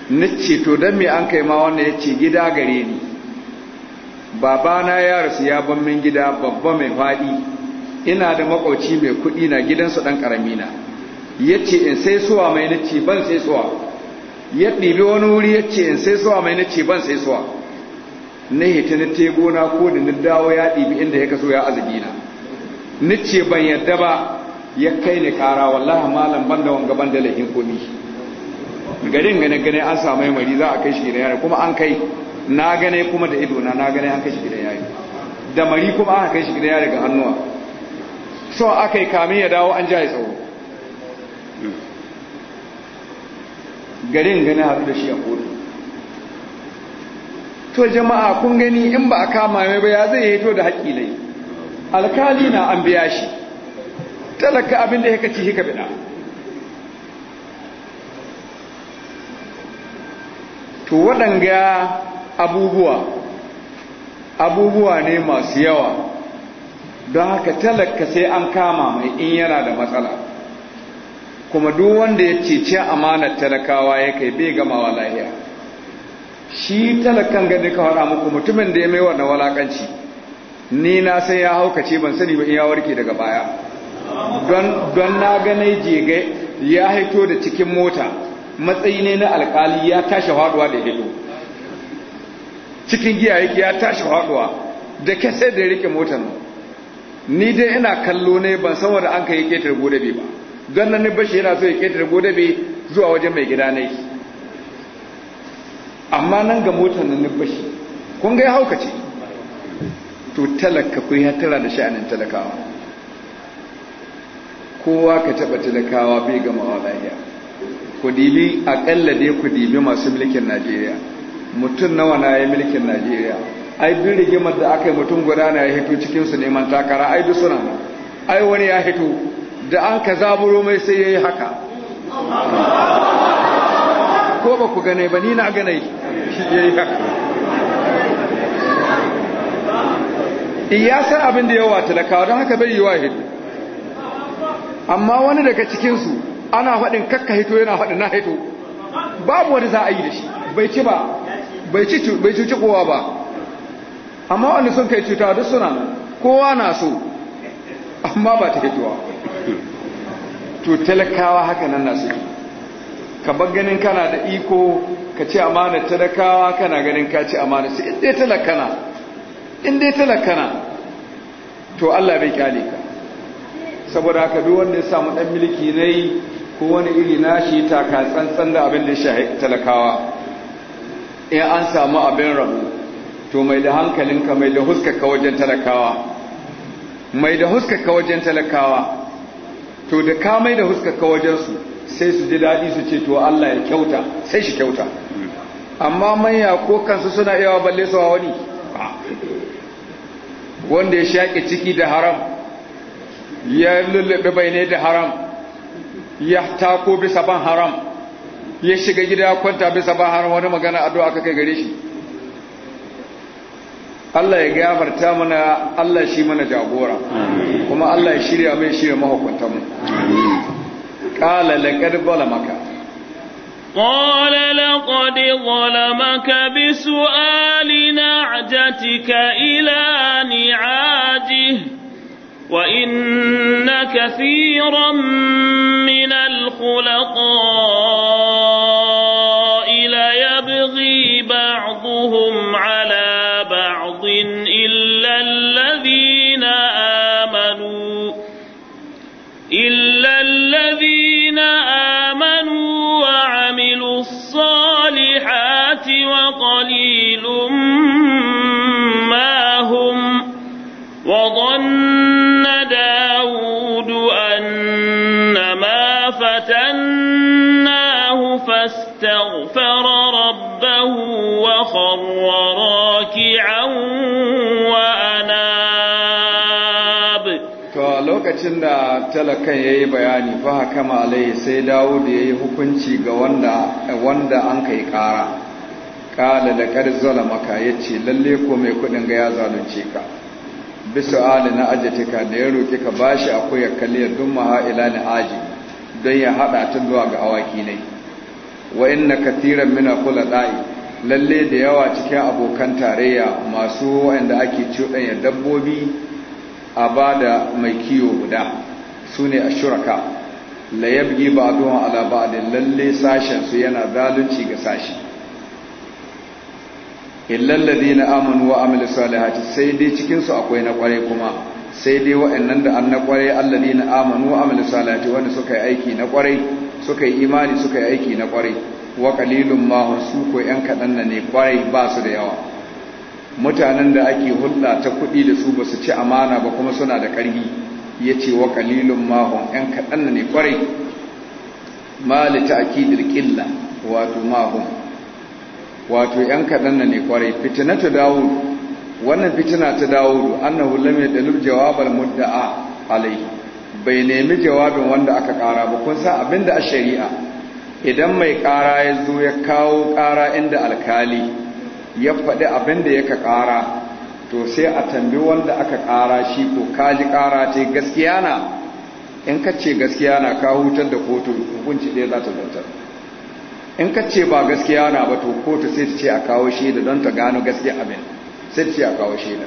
ni ce to dan me an kai ma wannan yace gida gare ni babana ya rasu ya ban min gida babba mai fadi ina da makauci mai kudi na gidansu dan karami na yace in sai suwa mai nace ban sai suwa ya ɗibi wani wuri yace in sai suwa mai nace ban sai suwa na hita na tego na ko da na dawo ya ɗibi inda ya kaso ya azabi na ni ce ban yadda ba ya kai ni kara wallahi malam ban da wanga ban da lahin komi garin gane gane an samu mari za a kai shi gidan yari kuma an kai na gane kuma da ido na na gane an kai shi gidan yari da mari kuma aka kai shi gidan yari ga hannuwa so aka yi kamin ya dawo an ja ya tsawo garin gane haɗu da shi a kotu to jama'a kun gani in ba a kama mai ba ya zai to da haƙƙi ne alkali na an biya shi talaka abin da yake ci hika bida to waɗanga abubuwa abubuwa ne masu yawa don haka talaka sai an kama mai in yana da matsala kuma duk wanda ya cece amanar talakawa ya kai bai gama lahiya shi talakan gani ka faɗa muku mutumin da ya mai wannan walakanci ni na sai ya haukace ban sani ba in ya warke daga baya don na ganai jega ya haito da cikin mota matsayi ne na alkali ya tashi haɗuwa da hito cikin giya yake ya tashi haɗuwa da kasar da ya rike motar ni dai ina kallo ne ban san wanda an ka yi ketar godabe ba don nan ni bashi yana so ya ketar godabe zuwa wajen mai gida ne amma nan ga motar na bashi kun ga ya haukace to talaka ku ya tara da sha'anin talakawa kowa ka taba talakawa bai wa lahiya ku dibi akalla dai ku dibi masu mulkin Najeriya mutum nawa na yi mulkin Najeriya ai bin rigimar da aka yi mutum guda na ya hito cikinsu neman takara ai duk suna ai wani ya hito da an ka zaburo mai sai ya yi haka ko ba ku gane ba ni na gane ya yi haka. Eh, ya san abin da yawa talakawa don haka bai yi wa hidu amma wani daga cikinsu ana faɗin kakka hito yana faɗin na hito babu wani za a yi da shi bai ci ba bai cuci kowa ba amma wani sun kai cuta duk suna kowa na so amma ba ta hituwa to talakawa haka nan na suke ka bar ganin kana da iko ka ce amana talakawa kana ganin ka ce amana sai inda dai talakana inda dai talakana to Allah bai kyale ka saboda haka duk wanda ya samu dan miliki nayi ko wani iri na nashi taka tsantsan da abin da shahi talakawa in an samu abin rabu to mai da hankalinka mai da huskaka wajen talakawa mai da huskaka wajen talakawa to da ka mai da huskaka su. sai su ji daɗi su ce to Allah ya kyauta sai shi kyauta amma manya ko kansu suna yawa balle su wani wanda ya shaƙe ciki da haram ya lullube bayane da haram ya tako bisa ban haram ya shiga gida ya kwanta bisa ban haram wani magana addu'a aka kai gare shi Allah ya gafarta mana Allah shi mana jagora kuma Allah ya shirya mai shirya mahukuntanmu amin قال لقد ظلمك قال لقد ظلمك بسؤال نعجتك إلى نعاجه وإن كثيرا من الخلطاء ليبغي بعضهم على بعض قليل ما هم وظن داود أن ما فتناه فاستغفر ربه وخر راكعا وأناب lokacin da talakan ya yi bayani fa hakama alai sai dawo da ya yi hukunci ga wanda an kai ƙara kala da kar zalamaka ya ce lalle ko mai kudin ga ya zalunce ka bisa ali na ajatika da ya roƙi ka bashi akwai ya kalli ya dumma ha'ila aji don ya haɗa ta zuwa ga awaki ne wa inna katiran mina kula ɗa'i lalle da yawa cikin abokan tarayya masu wanda ake ya dabbobi a ba da mai kiyo guda su ne a shuraka la yabgi ba ala ba'din lalle sashen su yana zalunci ga sashi illal ladina amanu wa amilus salihati sai dai cikin su akwai na kware kuma sai dai wa'annan da an na kware alladina amanu wa amilus salihati wanda suka yi aiki na kware suka yi imani suka yi aiki na kware wa qalilum ma hum su ko yan kadan nan ne kware ba su da yawa mutanen da ake hulɗa ta kuɗi da su ba su ci amana ba kuma suna da ƙarfi yace wa qalilum ma hum yan kadan ne kware ma li qilla wato mahon. wato ‘yan kaɗan na ne kwarai fitina ta dawudu wannan fitina ta dawudu annahu lam yadalib jawabal mudda'a alayhi bai nemi jawabin wanda aka ƙara ba kun san abin a shari'a idan mai ƙara ya zo ya kawo ƙara inda alkali ya faɗi abinda da yaka ƙara to sai a tambi wanda aka ƙara shi ko kaji ƙara ta gaskiya na in ka gaskiya na ka hutar da kotu hukunci ɗaya za ta zartar in ka ce ba gaskiya na ba to kotu sai ce a kawo shaida don ta gano gaskiya abin sai ce a kawo shaida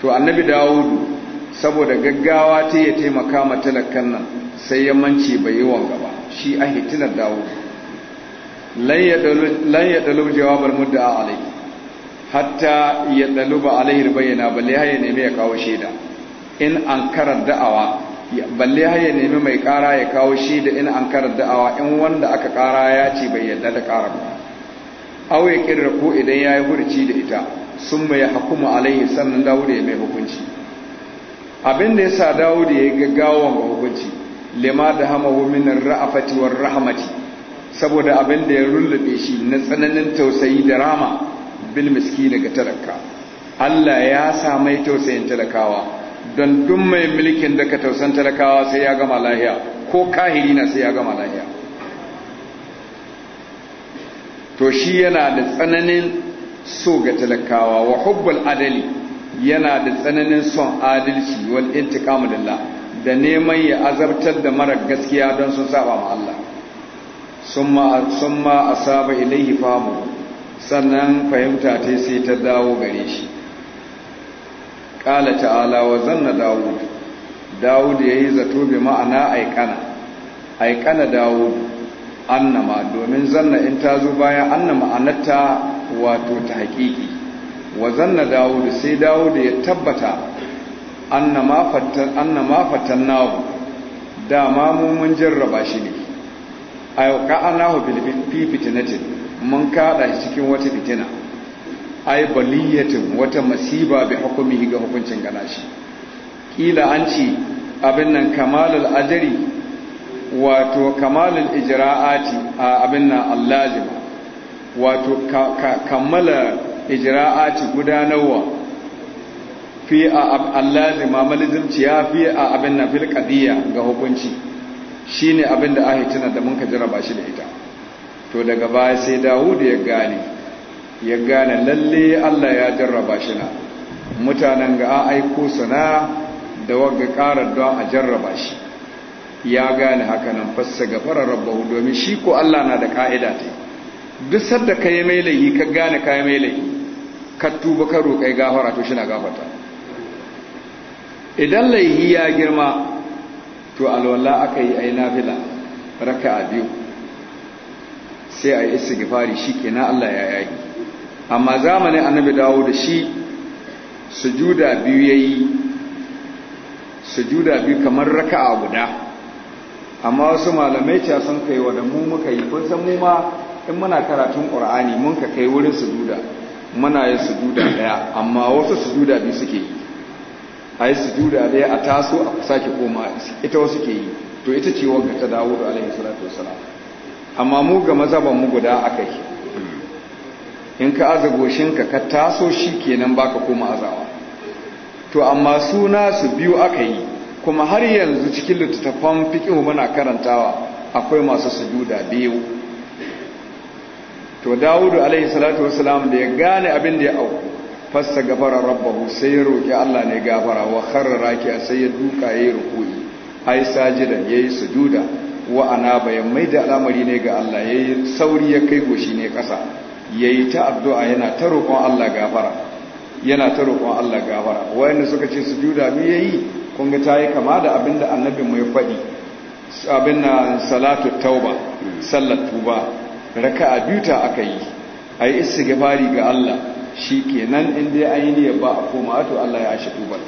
to annabi dawudu saboda gaggawa ta ya taimaka ma talakan nan sai ya mance bai yi wanga ba shi a hitinar dawudu lan ya dalu jawabar mudda a alai hatta ya ɗaluba alai bayyana balle ya nemi ya kawo shaida in an karar da'awa balle har ya nemi mai kara ya kawo shi da in an karar da'awa in wanda aka kara ya ce bai yadda da kara ba aw ya kirra ko idan yayi hurci da ita sun mai hukuma alaihi sannan dawud ya mai hukunci abin da yasa dawud ya gaggawa ga hukunci lema da hama min ra'afati war rahmati saboda abin da ya rullube shi na tsananin tausayi da rama bil miskin ga talaka Allah ya sa mai tausayin talakawa don duk mai mulkin da ka tausan talakawa sai ya gama lahiya ko kahiri na sai ya gama lahiya to shi yana da tsananin so ga talakawa wa hubbul adali yana da tsananin son adalci wal intiqamu lillah da neman ya azabtar da mara gaskiya don sun saba ma Allah summa summa asaba ilaihi famu sannan fahimta ta sai ta dawo gare shi qala ta'ala wa zanna dawud dawud yi zato bi ma'ana aikana aikana dawud annama domin zanna in ta zo bayan annama anatta wato ta haƙiƙi wa zanna dawud sai dawud ya tabbata annama fatan annama Da dama mu mun jarraba shi ne ayyuka anahu bil fitnatin mun kada shi cikin wata fitina ai baliyatin wata masiba bi hukumihi ga hukuncin ganashi kila an ci abin nan kamalul ajri wato kamalul ijra'ati abin nan allazim wato kammala ijra'ati gudanarwa fi a allazima malizimciya fi a abin nan fil qadiyya ga hukunci shine abin da ahitina da mun ka jarraba shi da ita to daga baya sai Dawud ya gane ya gane lalle Allah ya jarraba shi na mutanen ga aiko sana da waga karar don a jarraba shi ya gane hakanan fassa fassa fara rabbahu domin shi ko Allah na da ka'ida ta duk sadda ka yi mai laihi ka gane ka yi mai laihi ka tuba ka roƙai gafara to shi na gafata. idan laihi ya girma to alwallah aka yi fila raka a biyu sai a yi shi kenan Allah ya yaki amma zamanin annabi dawo da shi sujuda biyu yayi sujuda biyu kamar raka'a guda amma wasu malamai ce sun kai wa da mu muka yi kun san mu ma in muna karatun qur'ani mun ka kai wurin sujuda muna yin sujuda daya amma wasu sujuda biyu suke yi a yi sujuda daya a taso a sake koma ita wasu ke yi to ita ce wanka ta dawo da alaihi salatu amma mu ga mazaban mu guda akai in ka aza goshinka ka taso shi kenan baka koma azawa to amma suna su biyu aka yi kuma har yanzu cikin littattafan mu muna karantawa akwai masu sujuda biyu to dawudu alaihi salatu wasalam da ya gane abin da ya auku fasta gafara rabbahu sai ya roƙi Allah ne gafara wa kharra raki'a sai ya duka yayi ruku'i ai ya yayi sujuda wa bayan mai da al'amari ne ga Allah yayi sauri ya kai goshi ne ƙasa yayi ta addu'a yana ta roƙon Allah gafara yana ta roƙon Allah gafara wayanda suka ce su sujuda ya yi, kun ta yi kama da abinda annabi mai faɗi abin na salatu tauba sallar tuba raka'a biyu ta aka yi a yi isi gafari ga Allah Shi ke in dai an yi niyar ba a koma to Allah ya shi tubar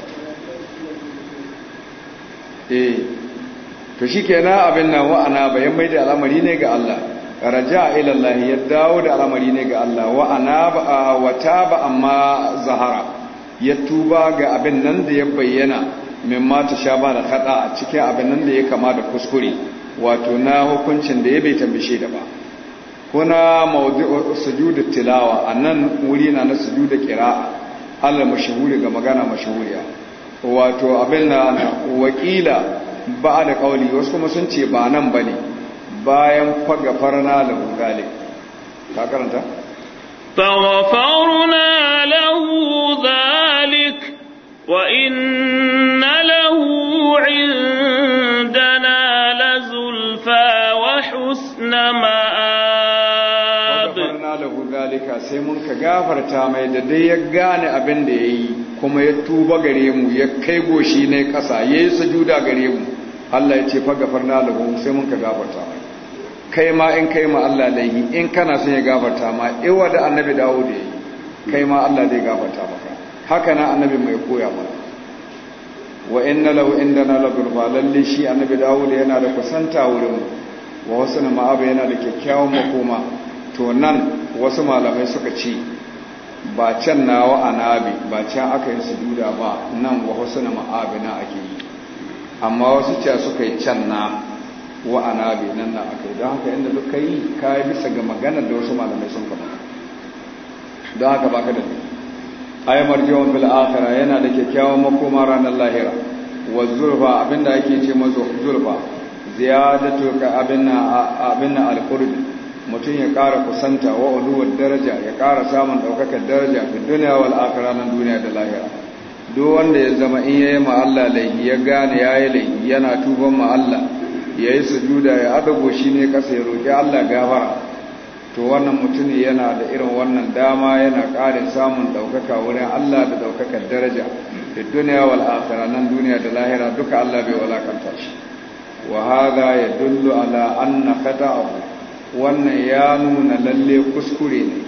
eh to shi ke na abin na wa'ana bayan mai da al'amari ne ga Allah raja ila Allah ya dawo da al'amari ne ga Allah wa anaba wa taba amma zahara ya tuba ga abin nan da ya bayyana ma mata sha ba da kada a cikin abin nan da ya kama da kuskure wato na hukuncin da ya bai tambishe da ba kuna mawdu'u da tilawa anan wuri na na sujudu qira'a Allah mashhuri ga magana mashhuriya wato abin na wakila ba da kauli wasu kuma sun ce ba nan bane bayan faga farna da gungale ka karanta fagafarna lahu zalik wa inna lahu indana lazulfa wa husna ma'ab fagafarna lahu zalika sai mun ka gafarta mai da dai ya gane abin da yayi kuma ya tuba gare mu ya kai goshi ne kasa yayi sujuda gare mu Allah ya ce fagafarna lahu sai mun ka gafarta mai kai ma in kai ma Allah laihi in kana son ya gafarta ma iwa da annabi dawo da kai ma Allah zai gafarta maka haka na annabi mai koya mana wa inna lahu indana la gurba lalle shi annabi dawo da yana da kusanta wurin wa wasu na ma'aba yana da kyakkyawan makoma to nan wasu malamai suka ce ba can nawa anabi ba can aka yi duda ba nan wa wasu na ma'aba na ake yi amma wasu ce suka yi can na wa anabi nan na akai don haka inda duk kai kai bisa ga maganar da wasu malamai sun faɗa don haka baka da ay marjiwan bil akhirah yana da kyakkyawan makoma ranar lahira wa zurfa abinda ake ce mazo zulfa ziyadatu ka abinna abinna alqurbi mutum ya kara kusanta wa uluwar daraja ya kara samun ɗaukakar daraja fi duniya wal akira nan duniya da lahira duk wanda ya zama in yayi ma Allah laifi ya gane yayi laifi yana tuban ma Allah ya yi sujuda ya adago shi ne kasa ya roƙi Allah gaba to wannan mutum yana da irin wannan dama yana ƙarin samun ɗaukaka wurin Allah da ɗaukakar daraja da duniya wal akhirah nan duniya da lahira duka Allah bai walakanta shi wa hadha yadullu ala anna abu wannan ya nuna lalle kuskure ne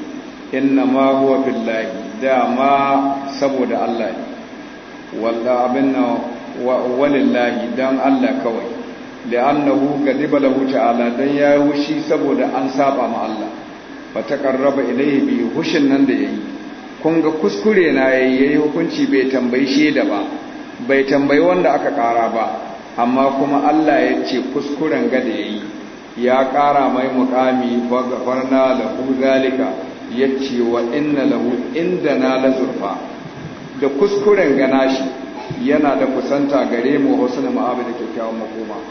inna ma huwa billahi dama saboda Allah ne wallahi abinna walillahi dan Allah kawai li'annahu gadiba lahu ta'ala dan ya wushi saboda an saba ma Allah fa idan ilayhi bi hushin nan da yayi kun ga kuskure na yayi yayi hukunci bai tambayi da ba bai tambayi wanda aka kara ba amma kuma Allah ya ce kuskuren ga da yayi ya kara mai muqami fa gafarna lahu zalika yace wa inna lahu indana lazurfa da kuskuren gana shi yana da kusanta gare mu husnul ma'abida kyakkyawan makoma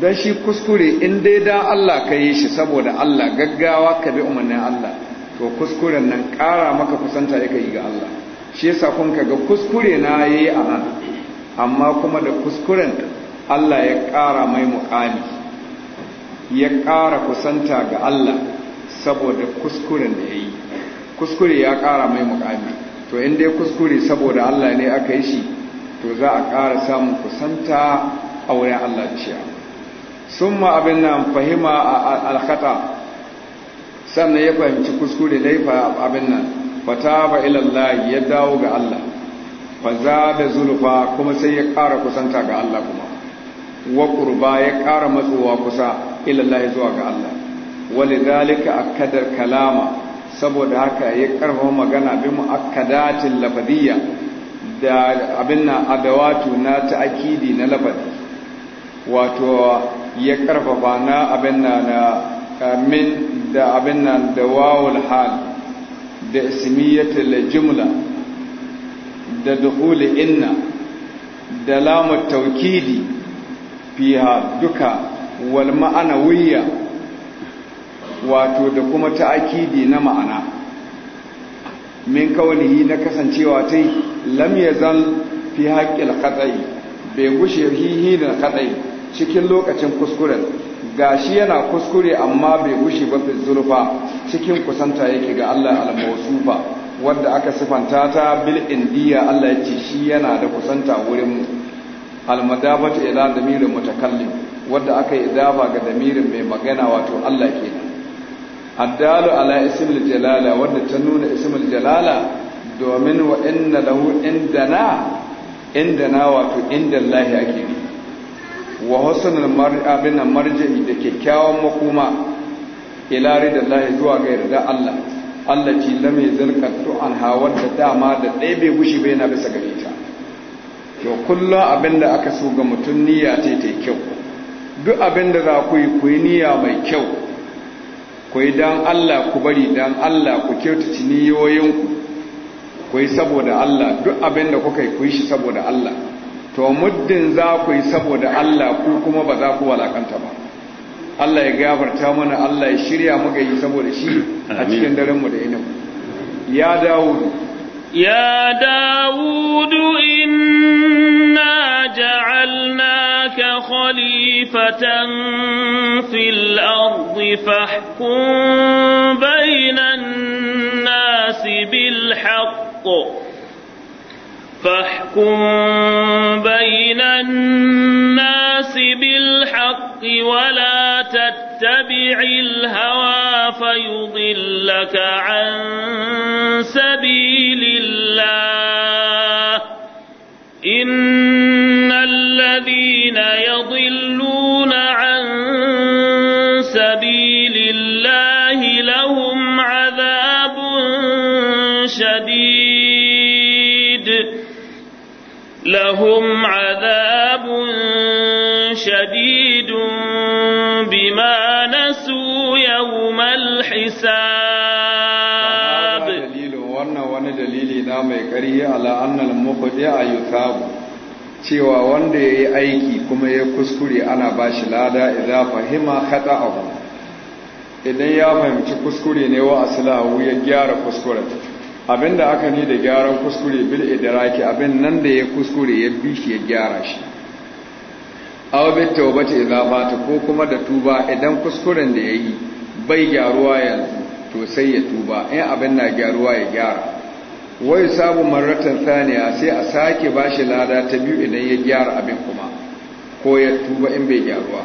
don shi kuskure in dai da Allah ka yi shi saboda Allah gaggawa ka bi umarnin Allah to kuskuren nan ƙara maka kusanta ya yi ga Allah shi yasa kun ga kuskure na yi a nan amma kuma da kuskuren Allah ya ƙara mai muƙami ya ƙara kusanta ga Allah saboda kuskuren da ya yi. kuskure ya ƙara mai muƙami to in dai kuskure saboda Allah ne aka yi shi to za a ƙara samun kusanta a wurin Allah da sun ma abin nan fahima a alkata sannan ya fahimci kuskure dai abin nan fata ba ilallah ya dawo ga Allah ba za da zulfa kuma sai ya ƙara kusanta ga Allah kuma wa ya ƙara matsowa kusa ilallah zuwa ga Allah wani dalika akadar kalama saboda haka ya karfa magana bi mu'akkadatin lafadiyya da abin na adawatu na ta'akidi na lafadi wato ya karfafa na abin na na min da abin na da wawul hal da ismiyatul jumla da duhul inna da lamu taukidi fiha duka wal ma'ana wato da kuma ta'akidi na ma'ana min kawalihi na kasancewa tai lam yazal fi haqqil qat'i bai gushe hihi da qat'i cikin lokacin kuskuren gashi yana kuskure amma bai gushi ba fi zurfa cikin kusanta yake ga Allah al ba, wanda aka sifanta ta bil indiya Allah ya ce shi yana da kusanta wurin mu al-madafatu ila damirin mutakallim wanda aka yi dafa ga damirin mai magana wato Allah kenan addalu ala ismil jalala wanda ta nuna ismil jalala domin wa inna lahu indana indana wato Indallahi ake yi. wa husnul bin marji'i da kyakkyawan makoma ila ridallahi zuwa ga yarda Allah Allah ji lamai zarkatu an hawar da dama da ɗaya bai gushi bai na bisa gare ta to kullum abinda aka so ga mutum niyya ce ta kyau duk abinda za ku yi ku niyya mai kyau ku yi don Allah ku bari dan Allah ku kyautaci niyoyinku ku yi saboda Allah duk abinda kuka yi ku yi shi saboda Allah to muddin za ku yi saboda Allah ku kuma ba za ku walakanta ba Allah ya gafarta mana Allah ya shirya muka yi saboda shi a cikin daren mu da inamu ya dawudu ya dawudu inna ja'alnaka khalifatan fil ardi fahkum bainan nasi bil haqq فاحكم بين الناس بالحق ولا تتبع الهوى فيضلك عن سبيل الله إن الذين يضلون عن سبيل الله لهم عذاب شديد لهم عذاب شديد بما نسوا يوم الحساب wannan wani dalili na mai ƙarhi ala annal mukhdi a yukabu cewa wanda ya yi aiki kuma ya kuskure ana bashi lada idan fahima kada abu idan ya fahimci kuskure ne wa asilahu ya gyara kuskure. Abin da aka ni da gyaran kuskure bil idraki abin nan da ya kuskure ya bi shi ya gyara shi aw bi tawbati idza fata ko kuma da tuba idan kuskuren da yayi bai gyaruwa yanzu to sai ya tuba in abin na gyaruwa ya gyara wai sabu marratan thaniya sai a sake bashi lada ta biyu idan ya gyara abin kuma ko ya tuba in bai gyaruwa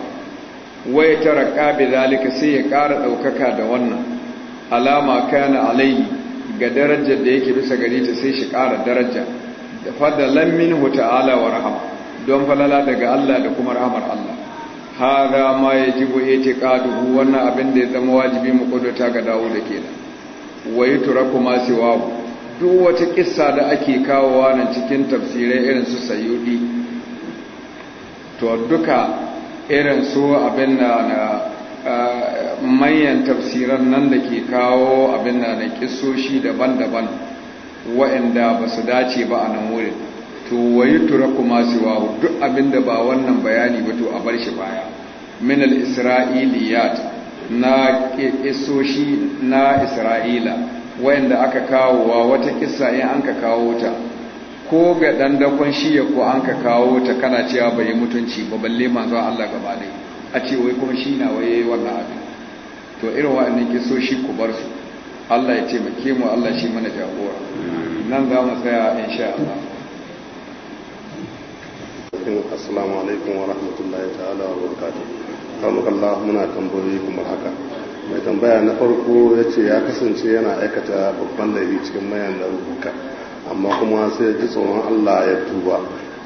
wai taraka bi zalika sai ya kara daukaka da wannan alama kana alaihi ga darajar da yake bisa gari ta sai shi ƙara daraja da fadalan min ta'ala wa rahama don falala daga Allah da kuma rahamar Allah hada ma yajibu itiqaduhu wannan abin da ya zama wajibi mu kudota ga dawo da kenan wayi turaku ma siwa duk wata kissa da ake kawowa nan cikin tafsirai irin su sayyudi to duka irin su abin na manyan tafsiran nan da ke kawo abin da na kisoshi daban-daban wa'anda ba su dace ba a nan wurin to wayi tura kuma siwa duk abin da ba wannan bayani ba to a bar shi baya min al-isra'iliyat na kisoshi na isra'ila wa'anda aka kawo wa wata kissa in an ka kawo ta ko ga dandakon shiya ko an ka kawo ta kana cewa bai mutunci ba balle manzo Allah gaba dai. a ce wai kuma shi na waye wannan abin to irin wa'annan shi ku bar su Allah ya ce make mu Allah shi mana jagora nan za mu tsaya insha Allah assalamu alaikum wa rahmatullahi ta'ala wa barakatuh kamukallah muna tambayoyi kuma haka mai tambaya na farko ya ce ya kasance yana aikata babban laifi cikin mayan da rubuka amma kuma sai ji tsoron allah ya tuba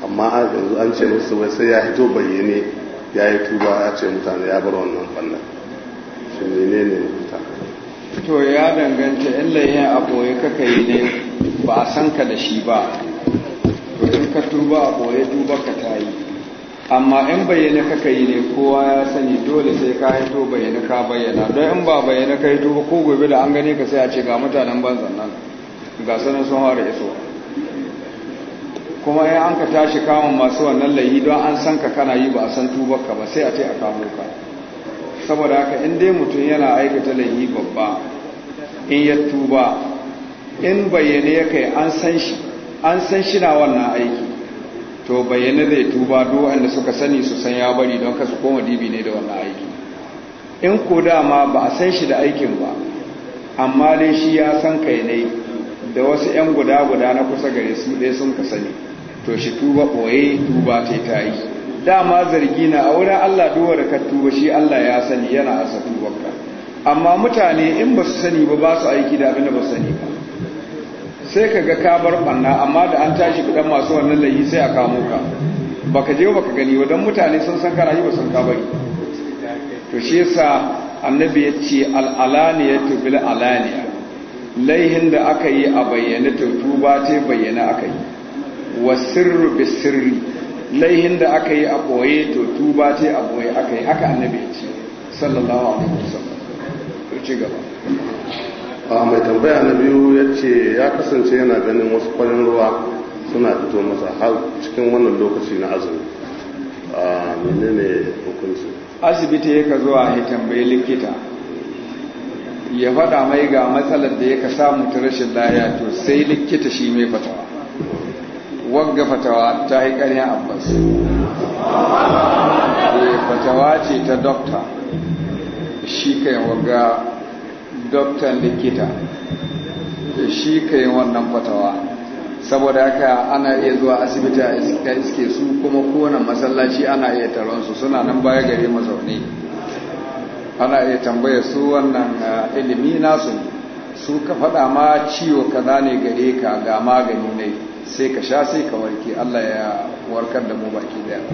amma yanzu an ce musu sai ya hito bayyane ya yi tuba a ce mutane ya bar wannan fannin shi ne ne mutu to ya danganta in laihin aboye kaka yi ne ba a san ka da shi ba to in ka tuba a boye tuba ka ta yi amma in bayyana kaka yi ne kowa ya sani dole sai ka yi to bayyana ka bayyana don in ba bayyana ka yi tuba ko gobe da an gane ka sai a ce ga mutanen banzan nan ga sanin sun fara isowa kuma in an ka tashi kamun masu wannan layi don an san ka kana yi ba a san tubarka ba sai a ce a kamo ka saboda haka in dai mutum yana aikata layi babba in ya tuba in bayyane ya kai an san shi an san shi na wannan aiki to bayyane zai tuba duk wanda suka sani su san ya bari don kasu koma dibi ne da wannan aiki in ko ma ba a san shi da aikin ba amma dai shi ya san kai ne da wasu 'yan guda-guda na kusa gare su ɗaya sun ka sani to shi tuba boye tuba ta ta yi dama zargi na a wurin Allah duwar ka tuba shi Allah ya sani yana asa tubarka amma mutane in ba su sani ba ba su aiki da abin da ba sani ba sai ka ga ka bar banna amma da an tashi kudan masu wannan layi sai a kamo ka baka je baka gani wa dan mutane sun san karayi ba sun ka bari to shi yasa annabi ya ce al'alaniyatu bil alaniya laihin da aka yi a bayyane to tuba ta bayyana aka yi wa sirru sirri laihin da aka yi a ɓoye to tuba ce a ɓoye aka yi haka annabi ya ce sallallahu alaihi wasallam ci gaba a mai tambaya na biyu ya ce ya kasance yana ganin wasu kwanin ruwa suna fito masa har cikin wannan lokaci na azumi a menene hukunci asibiti ya ka zuwa ya tambayi likita ya faɗa mai ga matsalar da ya ka samu ta rashin laya to sai likita shi mai fatawa wagga fatawa ta yi ƙarya abbas eh, fatawa ce ta dokta shi kai wagga doktan likita eh, shi kai wannan fatawa saboda haka ana iya zuwa asibiti a iske su kuma kowane masallaci ana iya taron suna nan baya gare mazauni ana iya tambaya su wannan eh, ilimi nasu su ka faɗa ma ciwo ka ne gare ka ga magani ne sai ka sha sai ka warke Allah ya warkar da mu baki daya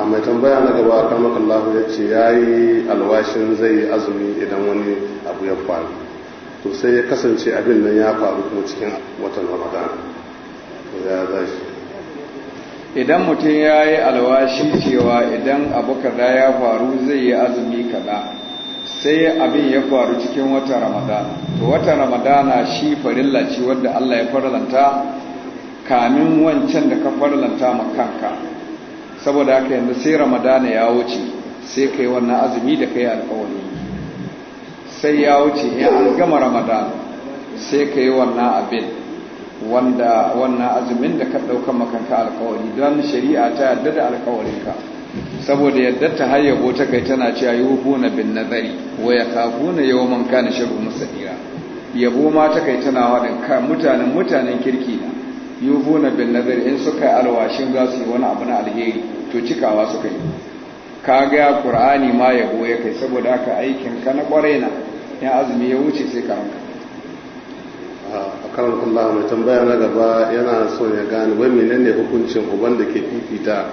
a mai tambaya na gaba kan makallahu ya ce ya yi alwashin zai yi azumi idan wani abu ya faru to sai ya kasance abin nan ya faru kuma cikin watan ramadan ya shi idan mutum ya yi alwashi cewa idan abu kada ya faru zai yi azumi kada sai abin ya faru cikin watan ramadan to watan ramadana shi farilla ce wadda allah ya faralanta kamin wancan da ka farlanta ma kanka saboda haka yanzu sai ramadana ya wuce sai ka yi wannan azumi da ka yi alƙawari sai ya wuce in an gama ramadana sai ka yi wannan abin wanda wannan azumin da ka ɗauka makanka alƙawari don shari'a ta yadda da ka. saboda yadda ta hayyabo ta kai tana cewa na bin nazari wa man kani kana musa musadira yabo ma ta kai tana waɗin mutanen mutanen kirki na yuhuna bin nazari in suka yi alwashin za su yi wani abu na alheri to cikawa suka yi ka ga ƙur'ani ma ya goya kai saboda aka aikin ka na kware na ya azumi ya wuce sai ka ranka a karan kullum mai tambaya na gaba yana so ya gane wai menene hukuncin uban da ke fifita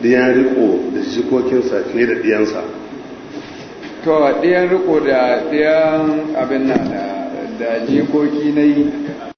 diyan riko da jikokinsa fiye da diyansa to diyan riko da diyan abin nan da jikoki na yi